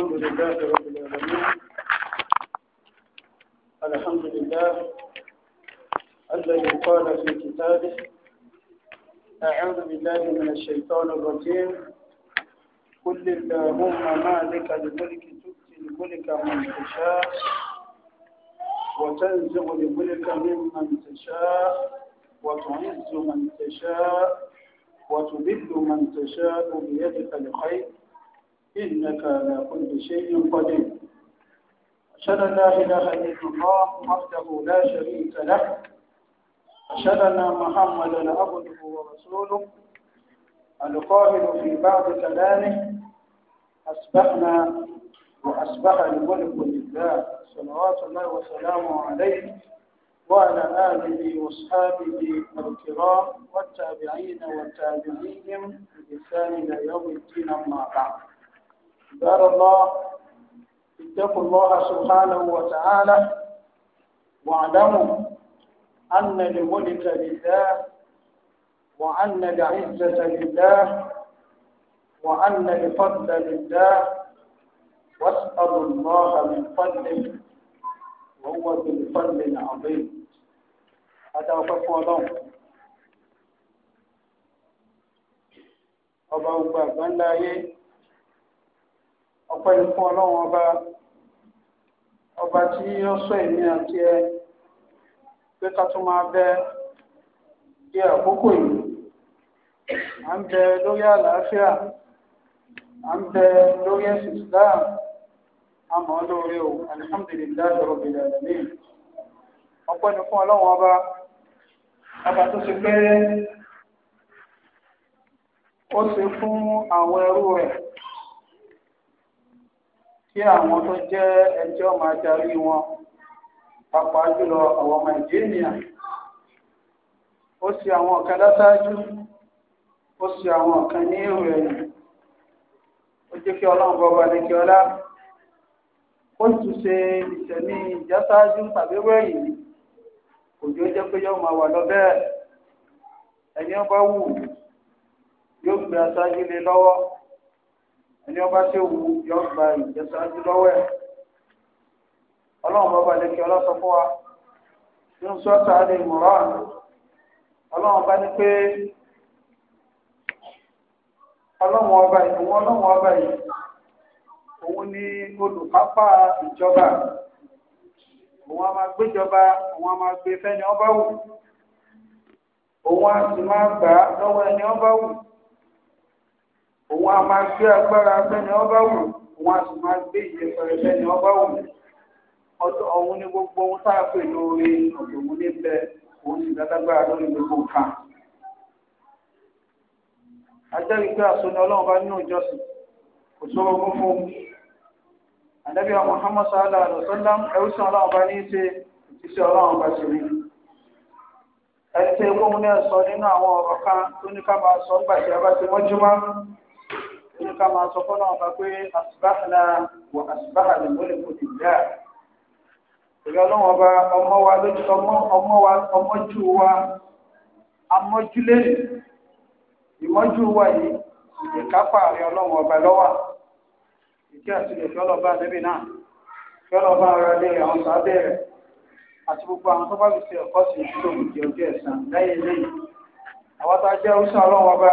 الحمد لله رب العالمين الحمد لله الذي قال في كتابه أعوذ بالله من الشيطان الرجيم قل اللهم مالك الملك تؤتي الملك من تشاء وتنزع الملك ممن تشاء وتعز من تشاء وتذل من تشاء بيدك الخير إنك على كل شيء قدير أشهد أن لا إله إلا الله وحده لا شريك له أشهد أن محمدا عبده ورسوله القائل في بعض كلامه أصبحنا وأصبح الملك لله صلوات الله وسلامه عليه وعلى آله وأصحابه الكرام والتابعين وتابعيهم بإحسان إلى يوم الدين أما بعد عباد الله اتقوا الله سبحانه وتعالى واعلموا أن الملك لله وأن العزة لله وأن الفضل لله واسألوا الله من فضله وهو ذو الفضل العظيم هذا وقف الله أبا أبا من لا ọpẹ́ ìfún ọlọ́run ọba ọba tí ó sọ èmi àti ẹ pé ká tún máa bẹ bí àkókò yìí à ń bẹ lórí àlàáfíà à ń bẹ lórí ẹ̀sìn islam àmọ́ lórí o alihamdulilayi rabbil alamin ọpẹ́ ni fún ọlọ́run ọba ọba tó ṣe pé ó ṣe fún àwọn ẹrú rẹ̀ kí àwọn tó jẹ́ ẹjọ́ máa darí wọn pàápàá jùlọ àwọn ọmọ nàìjíríà ó sì àwọn kan látájú ó sì àwọn kan ní èrò ẹ̀yìn ó jẹ́ kí ọlọ́run bọ́ba ní kí ọlá ó tún ṣe ìṣẹ̀mí ìjásáájú tàbí wẹ̀yìn òjò jẹ́ pé yóò máa wà lọ bẹ́ẹ̀ ẹni ọba wù yóò gbé aṣáájú lé lọ́wọ́ ẹni ọba ṣe wù yọ gba ìjẹsàájú lọ́wọ́ ẹ̀ ọlọ́run bá lẹ́kẹ́ ọlọ́sọ fún wa nínú sọ́ọ̀tà ní ìmọ̀ràn ọlọ́run bá ní pé ọlọ́run ọba yìí òun ọlọ́run ọba yìí òun ni olùkápá ìjọba òun a máa gbéjọba òun a máa gbé fẹ́ni ọba wù òun a sì máa gbà lọ́wọ́ ẹni ọba wù òun a máa gbé agbára abẹ́ni ọba wù òun a sì máa gbé ìyẹ̀pẹ̀rẹ̀ abẹ́ni ọba wù ọ̀tọ̀ ọ̀hún ní gbogbo ohun tá a pè lórí ọ̀gbọ̀n ní bẹ òun sì dádágbára lórí gbogbo nǹkan. ajẹ́rì pé àsọ̀nù ọlọ́run bá nínú ìjọsìn kò sọ̀rọ̀ fún fún un. ànábì wa Muhammad sallallahu alaihi wasallam ẹ̀rúsìn ọlọ́run bá ní í ṣe ìṣiṣẹ́ ọlọ́run bá ṣe rí. ẹni tí ewu náà sọ nínú àwọn ọ̀rọ̀ kan tó ní ká máa sọ ń gbàjẹ́ abá ti ká máa sọ fọ́nà ọba pé asibáhàlà wà asibáhàlà lórí kòtì dá. ìrẹ́ ọlọ́run ọba ọmọ wa lójú ọmọ ọmọ wa ọmọjú wa amọ́júlé ìmọ́jú wa yìí ìkápá rẹ̀ ọlọ́run ọba lọ́wà ìkí àti lè fẹ́ ọlọ́ba níbi náà fẹ́ ọlọ́ba ara lé àwọn sábẹ́ rẹ̀ àti gbogbo àwọn tó bá fi ṣe ẹ̀kọ́ sí ìṣúlò ìjẹ́ ọjọ́ ẹ̀sán lẹ́yìn lẹ́yìn àwọn tá a ọlọ́run ọba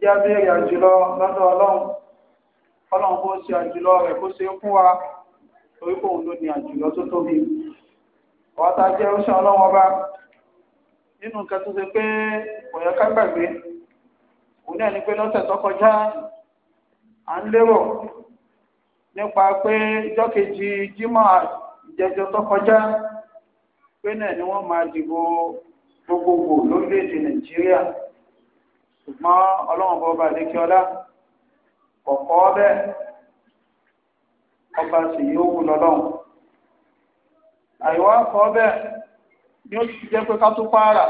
jẹ́ abẹ́rẹ́ àjùlọ lọ́dọ̀ ọlọ́run ọlọ́run kó ṣe àjùlọ rẹ̀ kó ṣe fún wa torí kò ń lò ní àjùlọ tó tóbi ọ̀tá jẹ́ oṣù ọlọ́run ọba nínú nǹkan tó ṣe pé kò ká gbàgbé òun náà ni pé lọ́sẹ̀ tó kọjá à ń ṣùgbọ́n ọlọ́run bọ́ba adékíọ́lá kọ̀kọ́ bẹ́ẹ̀ ọba sì yóò wù lọ́lọ́run àìwá kọ́ bẹ́ẹ̀ ni ó ti jẹ́ pé ká tún pààrà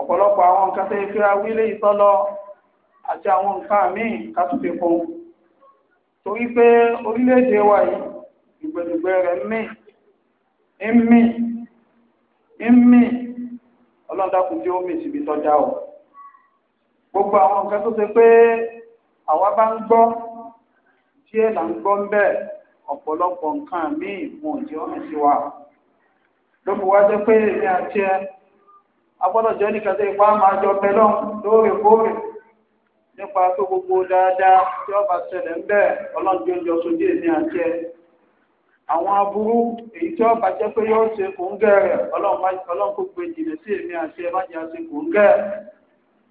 ọ̀pọ̀lọpọ̀ àwọn nǹkan tó yẹ kí a wí léyìí tọ́lọ àti àwọn nǹkan míì ká tún fi kún torí pé orílẹ̀-èdè wa yìí ìgbèlùgbè rẹ̀ mí ń mí ń mí ọlọ́dàkùn tí ó mì síbi tọ́já o. gbogbo àwọn nǹkan tó ṣe pé àwa bá ń gbọ́ díẹ̀ là ń gbọ́ ń bẹ̀ ọ̀pọ̀lọpọ̀ nǹkan míì wọn ò jẹ́ sí wa ló wá jẹ́ pé èmi àti ẹ agbọ́dọ̀ jẹ́ nìkan tó ipá máa jọ bẹ lọ́hùn lóòrèkóòrè nípa pé gbogbo dáadáa tí ọba ṣẹlẹ̀ ń bẹ̀ ọlọ́njọ́ ń jọ èmi àti ẹ àwọn aburú èyí tí ọba jẹ́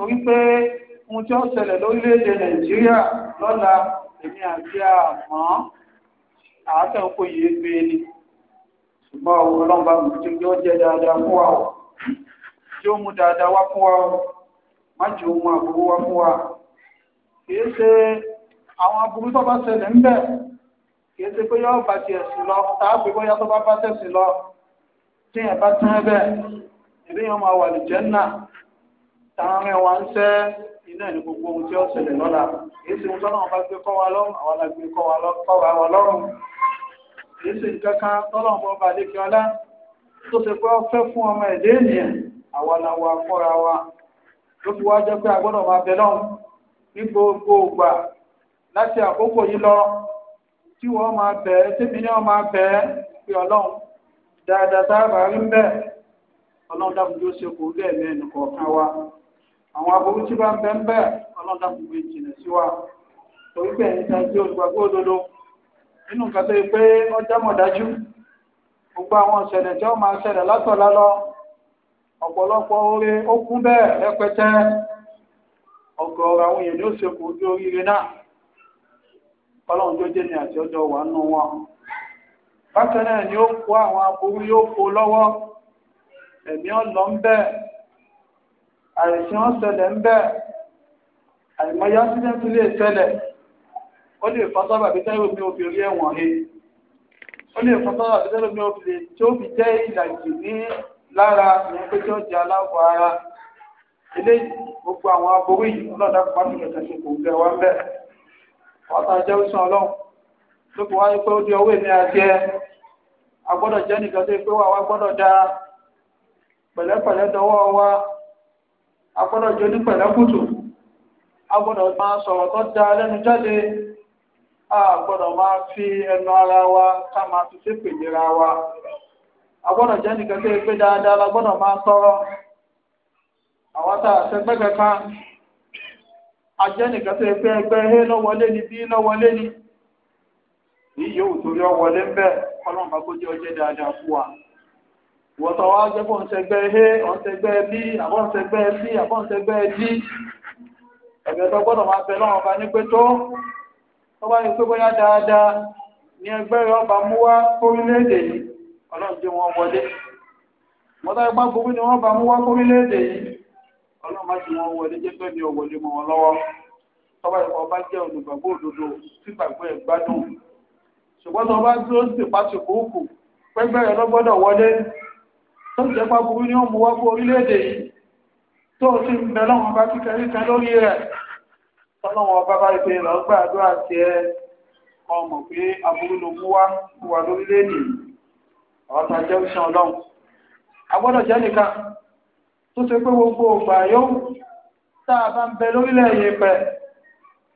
torí pé ohun tí ó ṣẹlẹ̀ lórílẹ̀‐èdè nàìjíríà lọ́la èmi àti àmọ́ àátẹ̀ òkú yìí gbé ni ṣùgbọ́n ọlọ́run bá mi tí ó jẹ́ dáadáa fún wa o tí ó mú dáadáa wá fún wa o má jẹ́ ohun àbúrú wá fún wa kìí ṣe àwọn aburú tó bá ṣẹlẹ̀ ń bẹ̀ kìí ṣe pé yọ́ bá ti ẹ̀sìn lọ tàbí bóyá tó bá bá tẹ̀sìn lọ tí ẹ̀ bá tán bẹ́ẹ̀ ìdíyàn máa wà lè jẹ́ náà táwọn rẹ̀ ń sẹ́ iná ní gbogbo ohun tí ó ṣẹlẹ̀ lọ́la èyí sì ń tọ́nà wọn bá gbé kọ́ wa lọ́rùn àwọn alágbé kọ́ wa lọ́rùn èyí sì ń kankan tọ́nà bá ọlá tó ṣe fẹ́ fún ọmọ ẹ̀dẹ́ ènìyàn àwa la wa wa ló fi wá jẹ́ pé a gbọ́dọ̀ máa bẹ ní gbogbo ìgbà láti àkókò yìí lọ tí wọ́n máa bẹ̀ wa. àwọn aburú tí bá ń bẹ́ ń bẹ́ ọlọ́dà gbogbo ìjìnlẹ̀ sí wa torí pé ẹ̀yin tẹ́tí olùgbàgbọ́ òdodo nínú nǹkan tó yẹ pé ọjà mọ̀dájú gbogbo àwọn ìṣẹ̀lẹ̀ tí wọ́n máa ṣẹlẹ̀ látọ̀lá lọ ọ̀pọ̀lọpọ̀ oore ó kún bẹ́ẹ̀ rẹpẹtẹ ọ̀gọ̀ọ̀rọ̀ àwọn èèyàn ní ó ṣekú ojú oríire náà ọlọ́run tó jẹ́ ní àti ọjọ́ wà nù wọn bákan náà ni ó àìsí wọn ṣẹlẹ̀ ń bẹ́ẹ̀ àìmọye ásídẹ́ǹtì lè ṣẹlẹ̀ ó lè fa sábà bí tẹ́lẹ̀ omi òbí rí ẹ̀wọ̀n he ó lè fa sábà bí tẹ́lẹ̀ omi òbí tí ó fi jẹ́ ìlàjì ní lára ìyẹn pé tí ó jẹ́ aláwọ̀ ara eléyìí gbogbo àwọn aborí yìí ọlọ́dà kò má fi kẹ̀kẹ́ ṣe kò gẹ̀ wá ń bẹ̀ wọ́tá jẹ́ wíṣàn ọlọ́run ló fi wáyé pé ó di ọwọ́ èmi àti agbọ́dọ̀ jẹ́ nìkan tó yẹ pé wà wá gbọ́dọ̀ dáa pẹ̀lẹ́pẹ̀lẹ́ dọwọ́ wa. agbọ́dọ̀ jẹ́ onípẹ̀lẹ́kùtù agbọ́dọ̀ máa sọ̀rọ̀ tó da lẹ́nu jáde agbọ́dọ̀ máa fi ẹnu ara wa ká máa fi ṣépè wa agbọ́dọ̀ jẹ́ nìkan tó gbé dáadáa la gbọ́dọ̀ máa sọ̀rọ̀ àwọn tá a ṣẹgbẹ́ kankan ajẹ́ nìkan tó gbé ẹgbẹ́ ni bí ni yóò torí ń ọlọ́run bá kó ìwọ̀tọ̀ wa jẹ́ fún ọ̀nsẹ̀gbẹ́ he ọ̀nsẹ̀gbẹ́ bí àbọ̀nsẹ̀gbẹ́ bí àbọ̀nsẹ̀gbẹ́ dí ẹ̀bẹ̀ tó gbọ́dọ̀ máa bẹ lọ́wọ́ ọba ní pé tó tó bá yẹ pé bóyá dáadáa ní ẹgbẹ́ rẹ ọba mú wá kórílẹ̀-èdè yìí ọlọ́run jẹ́ wọn wọlé mọ́tà ipá burú ni wọ́n bá mú wá kórílẹ̀-èdè yìí ọlọ́run má ti wọn wọlé jẹ́ pé mi ò wọlé mọ́ wọn lọ́wọ́ tó bá yẹ ọba jẹ́ olùgbàgbọ́ òdodo sígbàgbọ́ ẹ̀ gbádùn ṣùgbọ́n tó bá dúró sí pàṣẹ kúrúkù pẹ́gbẹ́ rẹ lọ́gbọ́dọ̀ wọlé tó jẹ́ pa burú ní ọmọ wá orílẹ̀-èdè yìí tó sì ń bẹ lọ́wọ́n bá kíkẹ́ríkẹ́ lórí rẹ̀ tọ́lọ́wọ́n ọba bá ìpè lọ gbàdúrà tí ẹ ọmọ pé aburú ló mú wá wà lórílẹ̀-èdè ọ̀tà jẹ́ òṣìṣẹ́ ọlọ́run agbọ́dọ̀ jẹ́ nìkan tó ṣe pé gbogbo ògbà yóò tá a bá ń bẹ lórílẹ̀ yìí pẹ̀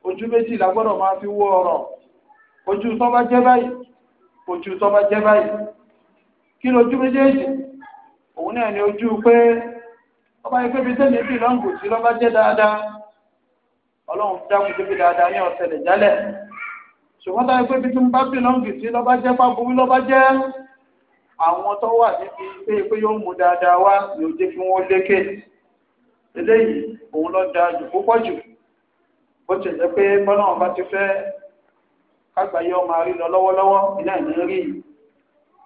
ojú méjì la gbọ́dọ̀ máa fi wó ọ̀rọ̀ ojú tó bá jẹ́ báyìí ojú tó bá jẹ́ báyìí kí lójú méjèèjì òun náà ni ojú pé ọba yìí pébi tẹ́lẹ̀ bí lọ́ǹgù tí lọ́ba jẹ́ dáadáa ọlọ́run dáhùn pébi dáadáa ní ọ̀sẹ̀lẹ̀ jálẹ̀ ṣùgbọ́n táyé pébi tí ń bá bí lọ́ǹgù tí lọ́ba jẹ́ pàbùrú lọ́ba jẹ́ àwọn tó wà níbi pé pé yóò mú dáadáa wá ní ojú kí wọ́n lékè eléyìí òun lọ da jù púpọ̀ jù bó ti pé bọ́lá wọn ti fẹ́ kágbáyé ọmọ àrí lọ lọ́wọ́lọ́wọ́ ilé rí yìí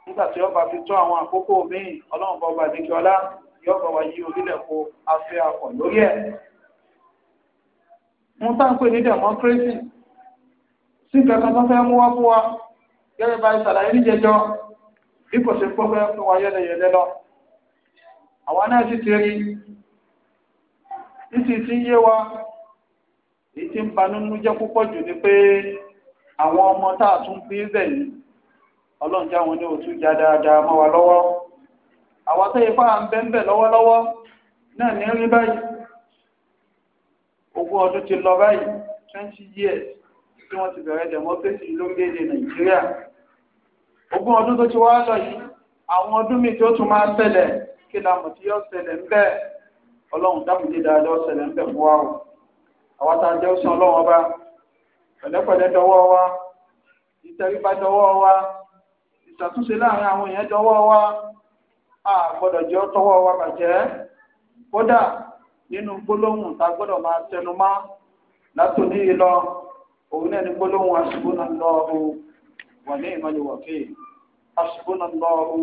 nígbà tí ọba fi tó àwọn àkókò míì ọlọ́run bọba adékíọlá yóò bá wa yí orílẹ̀ kó afẹ́ akọ̀ lórí ẹ̀. mo tá ń pè ní democracy sí kankan tó fẹ́ mú wá fún wa gẹ́gẹ́ bá ìsàlàyé níjẹjọ́ bí kò ṣe pọ́ fẹ́ fún wa yẹ́lẹyẹ̀lẹ lọ. àwa náà sì ti rí títí tí yé wa èyí tí ń banú jẹ́ púpọ̀ jù ni pé àwọn ọmọ tá a tún fi bẹ̀ yìí ọlọ́run já wọn ní òtún já dáadáa mọ́ wa lọ́wọ́ àwọn tó yẹ fáà ń bẹ́ńbẹ́ lọ́wọ́lọ́wọ́ náà ní rí báyìí ogún ọdún ti lọ báyìí twenty years tí wọ́n ti bẹ̀rẹ̀ democracy lórílẹ̀‐èdè nàìjíríà ogún ọdún tó ti wá lọ yìí àwọn ọdún míì tó tún máa ṣẹlẹ̀ kí la mọ̀ tí yóò ṣẹlẹ̀ ń bẹ́ẹ̀ ọlọ́run dákúndé dáadáa ṣẹlẹ̀ ń bẹ̀ fún wa o àwọn tá a jẹ́ òṣìṣẹ́ ọlọ́run ọba pẹ̀lẹ́pẹ̀lẹ́ dọwọ́ wa ìtẹríba ìtàtúnṣe láàrin àwọn èèyàn dọwọ́ wa a gbọ́dọ̀ jẹ́ tọwọ́ wa bàjẹ́ kódà nínú gbólóhùn tá a gbọ́dọ̀ máa tẹnu mọ́ látòní yìí lọ òun náà ní gbólóhùn hasbunallahu wa ni'mal wakeel hasbunallahu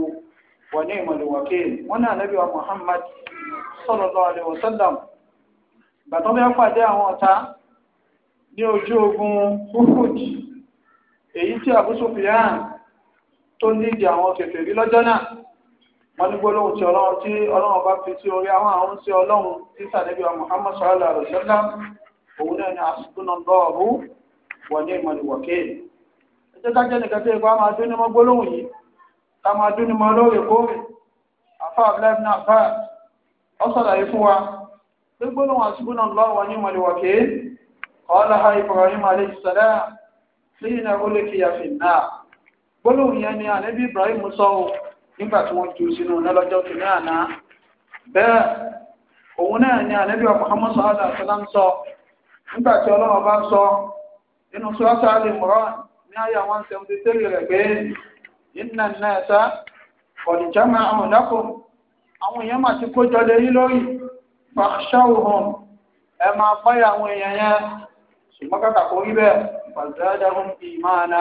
wa ni'mal wakeel wọn náà Ànábì wa Muhammad sallallahu alaihi wasallam bàtọ́ bí wọ́n pàdé àwọn ọ̀tá ní ojú ogun Uhud èyí tí Abu Sufyan tó ndị àwọn kẹfẹ́ rí lọ́jọ́ náà wọ́n ní gbólóhùn tí ọlọ́run tí ọlọ́run bá fi sí orí àwọn àwọn sí ọlọ́run tí sàdébí ni àsìkúnà ní nìkan gbólóhùn yìí ọ fún wa pé gbólóhùn gbólóhùn yẹn ni ànábì Ibrahim sọ ọ nígbà tí wọ́n ju sínú lọ́lọ́jọ́ kìíní àná bẹ́ẹ̀ òun náà ni ànábì Muhammad sallallahu alaihi wasallam sọ nígbà tí ọlọ́run bá sọ nínú sọ́ọ́sà Al-Imran inna nasa qad jama'u lakum àwọn èèyàn mà ti kójọ lé yín lórí fakhshawhum ẹ máa fáyà àwọn èèyàn yẹn ṣùgbọ́n kàkà kó rí bẹ́ẹ̀ fazadahum imana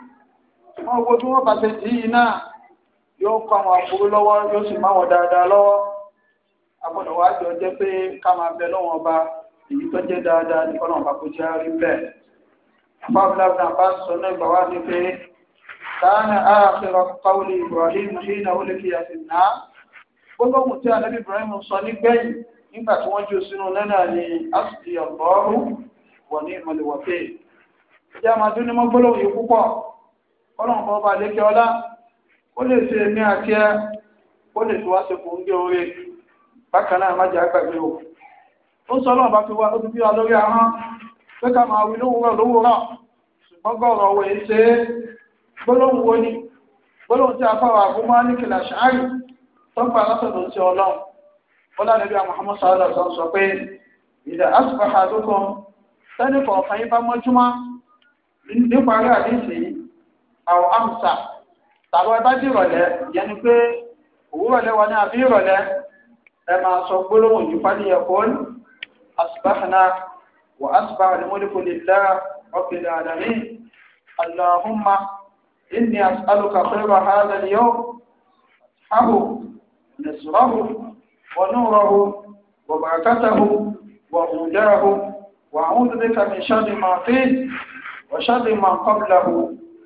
wọ́n wo bí wọ́n bá ṣe dì í náà yóò kọ́ àwọn àbúrò lọ́wọ́ yóò sì máa wọ̀ dáadáa lọ́wọ́ agbọ́dọ̀ wá jọ jẹ́ pé ká máa bẹ lọ́wọ́ ọba èyí tó jẹ́ dáadáa ní kọ́nà ọba kò jẹ́ rí bẹ́ẹ̀. fáfúláfúlá bá sọ náà ìgbà wá ní pé sáánà àkẹrọ kọ́wọ́lì Ibrahim ṣìnà ó lè fi àfihàn náà gbólóhùn tí alẹ́ Ibrahim sọ nígbẹ̀yìn nígbà tí wọ́n jó sínú lẹ́nà ní asùnì ọ̀gbọ́rù wọ̀ ní ìmọ̀lẹ̀wọ̀pẹ̀. ìjà máa dún ní mọ́ yìí púpọ̀ ọlọ́run kan bá lékè ọlá ó lè ṣe àti ó lè o ó sọ ọlọ́run bá fi wá ojú bí wa lórí ahọ́n pé ká máa wí lówùúrọ̀ lówùúrọ̀ ṣùgbọ́n gbọ́rọ̀ ṣe gbólóhùn wo ni gbólóhùn tí a fà wà fún mọ́nìkì làṣáàrì tó gbà látọ̀dọ̀ sí ọlọ́run ó lánàá bí Muhammad sallallahu sọ pé ìdá sẹ́ni kọ̀ọ̀kan yín bá àwọn amsa tàbí ẹbá dì ìrọ̀lẹ́ ìyẹn ni pé òwúrọ̀ lẹ́wọ̀ ní àbí ìrọ̀lẹ́ ẹ máa sọ gbólóhùn yìí fálẹ̀ yẹ kó ní asibahana wà asibahana ni mọ́lẹ́kọ lè dá ọ̀pẹ̀lẹ̀ àdàmì aláhùnmá ìní asálùkà pẹ̀lú àhálà yóò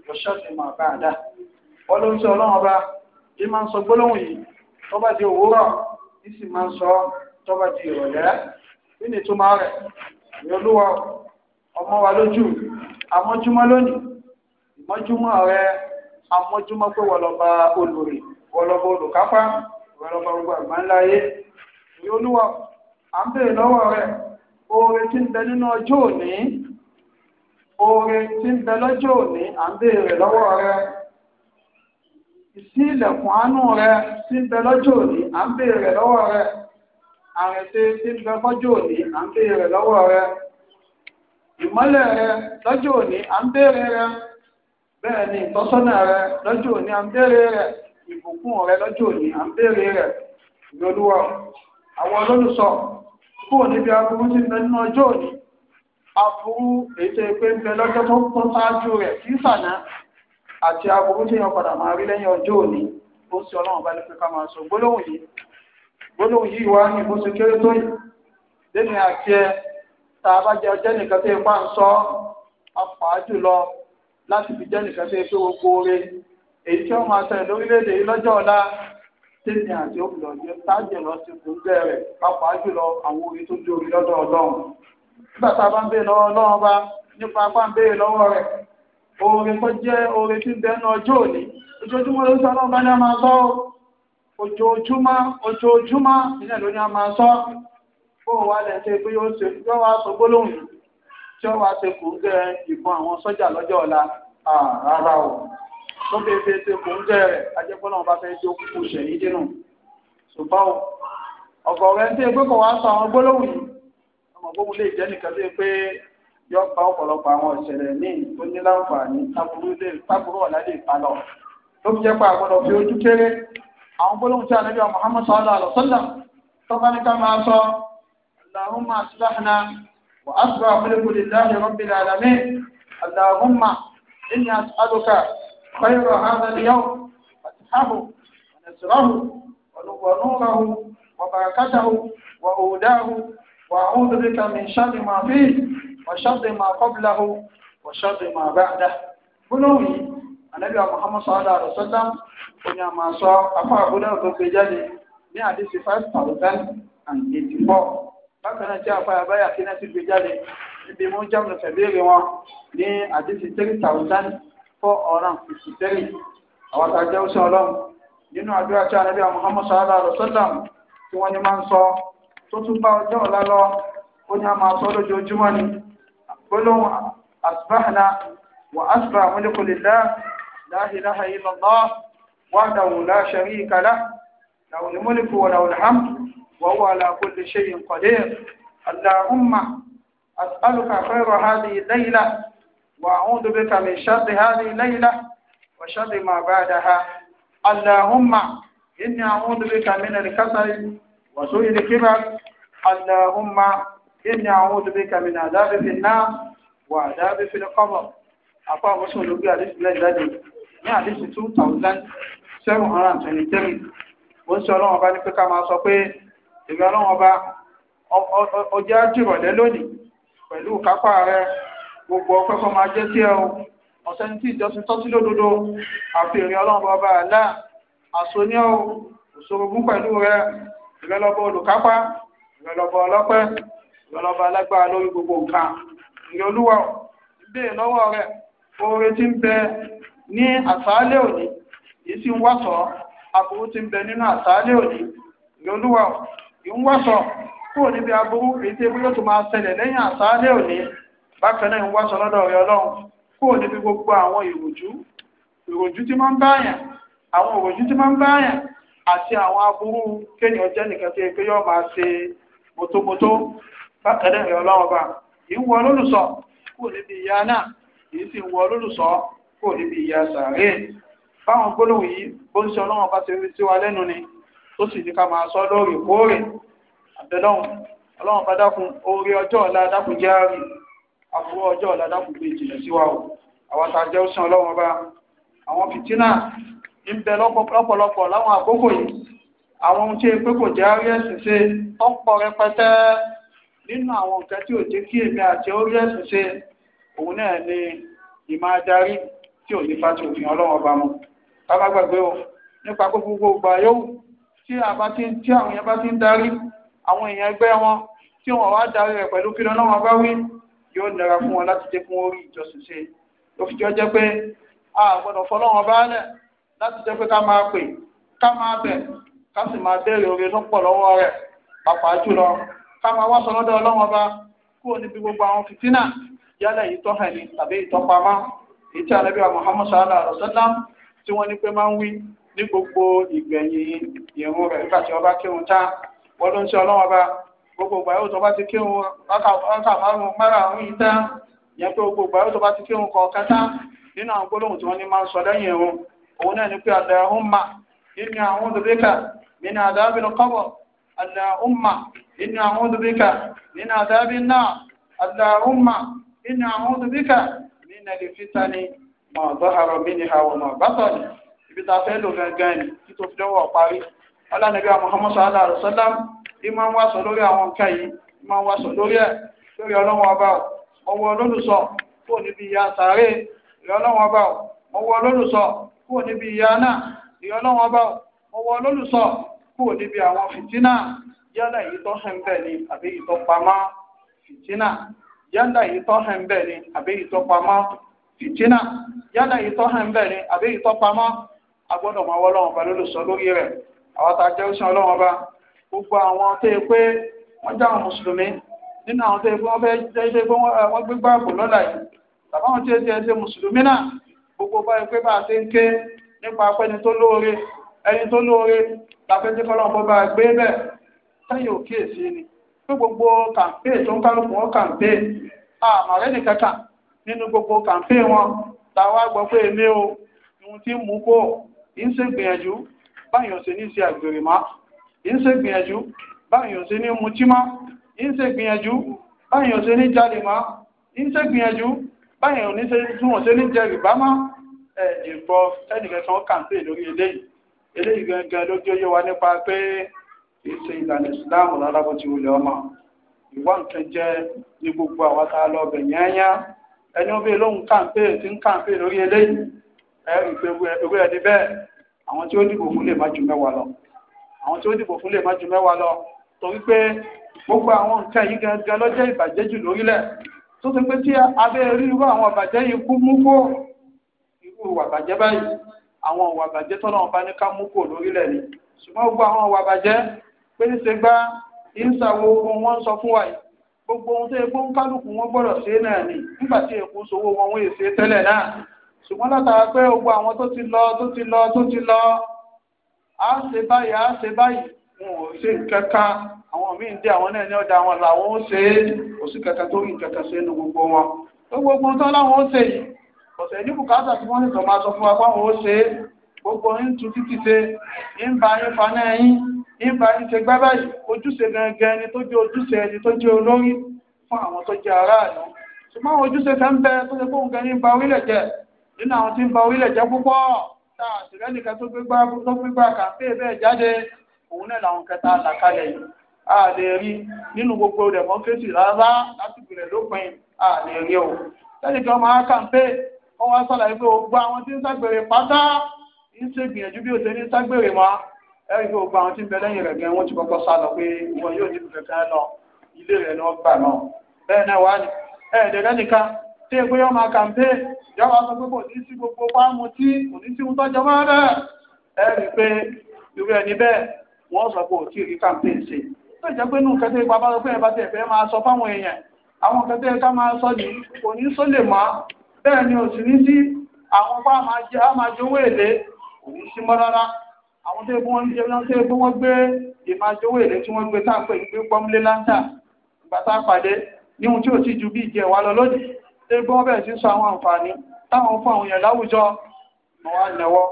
lọ́ṣọ́ọ̀sì máa bá àdá wọ́n ló ń sọ ọlọ́run ọba yìí máa ń sọ gbólóhùn yìí tó bá di òwúrọ̀ yìí sì máa ń sọ tó bá di ìrọ̀lẹ́ kí ni ìtumọ̀ rẹ̀ ní olúwa ọmọ wa lójú àmọ́júmọ́ lónìí ìmọ́júmọ́ rẹ àmọ́júmọ́ pé wọ́n olùrì wọ́n olùkápá wọ́n lọ́ba gbogbo àgbáńláyé ní olúwa à ń bèèrè lọ́wọ́ rẹ oore tí ń bẹ nínú ọjọ́ òní oore tí ń bẹ lọ́jọ́ òní à ń béèrè lọ́wọ́ rẹ ìsí ilẹ̀kùn àánú rẹ tí ń bẹ lọ́jọ́ òní à ń béèrè lọ́wọ́ rẹ àrètè tí ń bẹ lọ́jọ́ òní à ń béèrè lọ́wọ́ rẹ ìmọ́lẹ̀ rẹ lọ́jọ́ òní à rẹ bẹ́ẹ̀ ni ìtọ́sọ́nà rẹ lọ́jọ́ òní à rẹ ìbùkún rẹ lọ́jọ́ òní à rẹ ìyọlúwọ àwọn olólùsọ kúrò níbi aburú tí ń bẹ nínú ọjọ́ òní aburú èyí tó pé ń bẹ lọ́jọ́ tó kó sáájú rẹ̀ sí sànà àti aburú tí yẹn padà máa rí lẹ́yìn ọjọ́ òní ó sì ọlọ́run bá lè pé ká máa sọ gbólóhùn yìí gbólóhùn yìí wá ní bó ṣe kéré tó yìí lẹ́nu àti ẹ tá a bá jẹ ọjọ́ nìkan tó ipá ń sọ apá jùlọ láti fi jẹ́ nìkan tó ipé gbogbo rẹ̀ èyí tí wọ́n máa ṣẹlẹ̀ lórílẹ̀‐èdè yìí lọ́jọ́ ọ̀la tẹ́sí àti òkùnlọ̀ jẹ́ tájẹ̀ nígbà tá a bá ń bèè lọ́wọ́ ọlọ́run bá nípa apá ń bèè lọ́wọ́ rẹ̀ oore kó jẹ́ oore tí ń bẹ ní ọjọ́ òní ojoojúmọ́ ló ń sọ ọlọ́run bá ní a máa sọ ojoojúmọ́ ojoojúmọ́ ìyẹn ló ní a máa sọ bó o wá lẹ́sẹ̀ pé yóò ṣe yóò wá sọ gbólóhùn tí ó wá ṣe kò ń gẹ ìbọn àwọn sọ́jà lọ́jọ́ ọ̀la rárá o tó bẹ ṣe kò ń gẹ rẹ̀ ajẹ́pọ́nà bá fẹ́ ṣe okùnkùn ṣẹ̀yìn dínú ṣùgbọ́n ọgọ̀rẹ́ ń tẹ́ pé kò wá sọ àwọn gbólóhùn yìí ọmọ gbóhùn lè jẹ́ nìkan tó yẹ pé yọ pa ọ̀pọ̀lọpọ̀ àwọn ìṣẹ̀lẹ̀ míì tó ní láǹfààní táburú lè táburú ọ̀la lè pa lọ. ló fi jẹ́ pé àgbọ̀dọ̀ fi ojú kéré àwọn gbólóhùn tí ànábì wa Muhammad sallallahu alaihi wasallam tọ́ba ní ká máa sọ اللهم أصلحنا وأصبح ملك لله رب العالمين اللهم إني أسألك خير هذا اليوم فتحه ونسره ونوره وبركته وأعوذ بك من شر ما فيه وشر ما قبله وشر ما بعده gbólóhùn yìí anabi muhammad sallallahu alaihi wa sallam oní a máa sọ afọ àbúdá tó gbé jáde ní àdísí five thousand and eighty four bákan náà tí afọ àbáyà kí náà ti gbé jáde níbi mú jáwé fẹ̀bẹ́rẹ̀ wọn ní àdísí three àwọn tá òṣèlú ọlọ́run nínú àdúrà tí anabi muhammad sallallahu alaihi wa sallam tí wọ́n ní máa ń sọ tó tún bá ọjọ́ ọ̀la lọ ó ní a máa sọ lójoojúmọ́ ni gbólóhùn asbáhàna wà asbà múlẹ́kùlélá láhìláhà illallah wahdahu la sharika lah lahu al-mulku wa lahu al-hamd wa huwa ala kulli shay'in qadir allahumma as'aluka khayra hadhihi al-layla wa a'udhu bika min sharri وسئل الكبر اللهم إني أعوذ بك من عذاب في النار وعذاب في القبر أقوى مسلم لقي حديث بلاد ذاتي ní àdísì two thousand seven hundred and twenty three ó ń sọ ọlọ́run ọba ní pé ká máa sọ pé èmi ọlọ́run ọba ọjọ́ àjìrọ̀lẹ́ lónìí pẹ̀lú kápá rẹ gbogbo ọpẹ́ máa jẹ́ sí ẹ o ọ̀sẹ̀ ní tí ìjọsìn tọ́sí lódodo àfi ọlọ́run ọba àlá àsoníọ́ òṣòrògùn pẹ̀lú rẹ ìrẹ́lọ́bọ olùkápá ìrẹ́lọ́bọ ọlọ́pẹ́ ìrẹ́lọ́bọ alágbára lórí gbogbo nǹkan ìyẹn olúwa bẹ́ẹ̀ lọ́wọ́ rẹ̀ oore ti ń bẹ ní àsálẹ̀ òní yìí sì ń wàsọ̀ aburú ti ń bẹ nínú àsálẹ̀ òní ìyẹn olúwa yìí ń wàsọ̀ kúrò níbi aburú èyí tí ebúlé tó máa ṣẹlẹ̀ lẹ́yìn àsálẹ̀ òní bákan náà ń wàsọ̀ lọ́dọ̀ rẹ̀ ọlọ́run kúrò níbi gbogbo àwọn ìròjú ìròjú tí máa ń báyàn àwọn ìròjú tí máa ń báyàn àti àwọn aburú kéèyàn jẹ́ nìkan tó yẹ pé yóò máa ṣe mọ́tómọ́tó bákẹ́lẹ́ rẹ̀ ọlọ́run bá yìí ń wọ lólùsọ kò níbi ìyá náà yìí sì ń wọ lólùsọ kò níbi ìyá sàárè báwọn gbólóhùn yìí bó ń ṣe ọlọ́run bá ṣe rí sí wa lẹ́nu ni tó sì ní ká máa sọ lóòrèkóòrè àbẹ̀lọ́hùn ọlọ́run bá dákun oore ọjọ́ ọ̀la dákun jẹ́ àrí àbúrò ọjọ́ ọ̀la dákun gbé ìjìnlẹ̀ sí wa o àwọn tá a jẹ́ ó sàn ọlọ́run bá àwọn fìtínà ń bẹ lọ́pọ̀lọpọ̀ láwọn àkókò yìí àwọn ohun tí epe kò jẹ́ orí ẹ̀sìn ṣe ọ̀pọ̀ rẹpẹtẹ nínú àwọn nǹkan tí ò jẹ́ kí èmi àti orí ẹ̀sìn ṣe òun náà ni ìmọ̀ adarí tí ò ní fati òfin ọlọ́run ọba mu bàbá gbàgbé o nípa pé gbogbo ìgbà yòówù tí àwọn èèyàn bá ti ń darí àwọn èèyàn ẹgbẹ́ wọn tí wọn wá darí rẹ̀ pẹ̀lú kí lọ́wọ́ bá wí yóò nira fún wọn láti jẹ́ fún orí ìjọsìn ṣe ló fi jọ jẹ́ pé a gbọ́dọ̀ fọlọ́run ọba lẹ̀ láti jẹ́ pé ká máa pè ká máa bẹ̀ ká sì máa béèrè oore tó pọ̀ lọ́wọ́ rẹ̀ pàpà jùlọ ká máa wá sọlọ́dọ̀ ọlọ́run ọba kúrò níbi gbogbo àwọn fìtínà yálà èyí tó hàn ní tàbí ìtọ́pamọ́ èyí tí wa Muhammad sallallahu alaihi wa sallam tí wọ́n ní pé máa ń wí ní gbogbo ìgbẹ̀yìn ìrun rẹ̀ nígbà tí ọba kírun tá wọ́n ló ń ṣe ọlọ́run ọba gbogbo ìgbà yóò tó bá ti kírun rákà márùn márùn yìí tán ìyẹn pé gbogbo ìgbà yóò tó bá ti kírun kọ̀ọ̀kan tá nínú àwọn gbólóhùn tí wọ́n ní máa ń sọ lẹ́yìn ìrun òun náà ní pé Allahumma inni a'udhu bika min adhabil qabr Allahumma inni a'udhu bika min adhabin nar Allahumma inni a'udhu bika min al-fitani ma zahara minha wa ma batana ibi tá a fẹ́ gangan ni kí tó fi dánwò parí ọlànàbí Muhammad sallallahu alaihi wasallam ìmọ̀ so lori o. kúrò níbi ìyá náà ìyá ọlọ́run ọba ọwọ́ olólùsọ kúrò níbi àwọn fìtínà yálà èyí tó ni àbí èyí tó pamọ́ fìtínà yálà èyí tó ni àbí èyí tó pamọ́ fìtínà yálà èyí ni àbí èyí tó pamọ́ agbọ́dọ̀ máa lórí rẹ̀ àwọn tá a gbogbo àwọn tó yẹ pé wọ́n jẹ́ àwọn mùsùlùmí nínú àwọn tó yẹ pé wọ́n fẹ́ jẹ́ pé wọ́n gbégbá àpò lọ́la yìí kó báyìí pé bá a ṣe ń ké nípa pẹ́ni tó lóore ẹni tó lóore bá gbé ò ni pé gbogbo kàǹpé tó ń wọn kàǹpé nínú gbogbo kàǹpé wọn táwa gbọ́ pé èmi o ohun tí mú kó ń ṣe gbìyànjú báyọ̀ sí ní ṣe àgbèrè má ń ṣe gbìyànjú báyọ̀ sí ní má ń ṣe gbìyànjú sí ní jáde má ń ṣe gbìyànjú ní ṣe sí ní jẹ rìbá má ẹ̀ẹ́dì gbọ́ ẹnìkan kan kàǹpé lórí eléyìí eléyìí gangan ló jẹ́ yé nípa pé ìṣe ìlànà ìsìláàmù rárá bó ti wulẹ̀ ọmọ ìwà nǹkan jẹ́ ní gbogbo àwọn tá a lọ bẹ̀ yányá ẹni ó bí lóhun kàǹpé tí ń kàǹpé lórí eléyìí ẹ̀rù pé ewé ẹni bẹ́ẹ̀ àwọn tí ó dìbò fún lè má ju mẹ́wàá lọ àwọn tí ó dìbò fún lè má ju mẹ́wàá lọ torí pé gbogbo àwọn nǹkan yìí gangan ló jẹ́ ìbàjẹ́ jù lórílẹ̀ tó ti pé tí abẹ́ rí irú àwọn ìbàjẹ́ yìí kú mú kó wà bàjẹ́ báyìí àwọn ìwà bàjẹ́ tọ́nà ọba ní ká mú kò lórílẹ̀ ni ṣùgbọ́n gbogbo àwọn ìwà bàjẹ́ pé ní ṣe gbá ìṣàwọ̀ ogun wọn sọ fún wa yìí gbogbo ohun tó yẹ kó ń kálukú wọn gbọ́dọ̀ ṣe é náà ni nígbà tí èkó sowó wọn wọn èsè tẹ́lẹ̀ náà ṣùgbọ́n látara pé gbogbo àwọn tó ti lọ tó ti lọ tó ti lọ á ṣe báyìí á ṣe báyìí wọn ò ṣe kankan àwọn míì ń dé àwọn náà ní ọjà wọn làwọn ó ṣe é kò sí kankan tó rí kankan ṣe é nu gbogbo wọn gbogbo ohun tó láwọn ó ṣe yìí ọ̀sẹ̀ ní bùkátà tí wọ́n nìkan máa sọ fún wa páwọn ó ṣe é gbogbo ń tu títí ṣe ń ba yín faná ẹyín ń ba yín ṣe gbá báyìí ojúṣe gangan ẹni tó jẹ́ ojúṣe ẹni tó jẹ́ olórí fún àwọn tó jẹ́ aráàlú ṣùgbọ́n àwọn ojúṣe fẹ́ ń bẹ tó ṣe fóun gan ní ba orílẹ̀ jẹ́ nínú àwọn tí ń ba orílẹ̀ jẹ́ púpọ̀ tá a sì rẹ́nìkan tó gbégbá tó gbégbá kàńpé bẹ́ẹ̀ jáde òun náà làwọn kẹta làkàlẹ̀ yìí a lè rí nínú gbogbo democracy rárá láti gbìlẹ̀ lópin a lè rí o lẹ́yìn kan máa kàńpé wọ́n wá sọ̀rọ̀ yìí pé àwọn tí ń ságbèrè pátá ń ṣe gbìyànjú bí ó ṣe ní ságbèrè mọ́ ẹ̀rí pé gbogbo àwọn tí ń bẹ lẹ́yìn rẹ̀ gan wọ́n ti kọ́kọ́ sá lọ pé wọn yóò ní ìfẹ́ kan lọ ilé rẹ̀ ni gbà náà bẹ́ẹ̀ náà wá ní ẹ̀ẹ́dẹ̀rẹ́ nìkan tí èpè yọ máa kàǹpé ìjọba sọ pé kò ní sí gbogbo fáàmù tí kò ní sí ohun tọ́jọ́ máa rẹ̀ ẹ̀rí pé irú ẹni bẹ́ẹ̀ wọ́n sọ pé ò tí ì rí kàǹpé ṣe tó jẹ́ pé nùkẹ́ tó ipa bá sọ pé ẹ bá ti ẹ̀fẹ́ máa sọ fáwọn èèyàn àwọn kẹ́tẹ́ ká máa sọ ní kò ní sólè máa bẹ́ẹ̀ ni ò sì ní sí àwọn pa á máa jowó èlé kò ní sí mọ́ rárá àwọn tó egbó wọn jẹun tó egbó wọn gbé ìmáa jowó èlé tí wọ́n gbé tá à ń pè ní pé pọ́nlé láńtà ìgbà tá a pàdé níhun tí ò ti ju bí ìjẹ wa lọ lónìí tó egbó wọn bẹ̀rẹ̀ sí sọ àwọn àǹfààní táwọn fún àwọn èèyàn láwùjọ mọ̀ wá lẹ́wọ́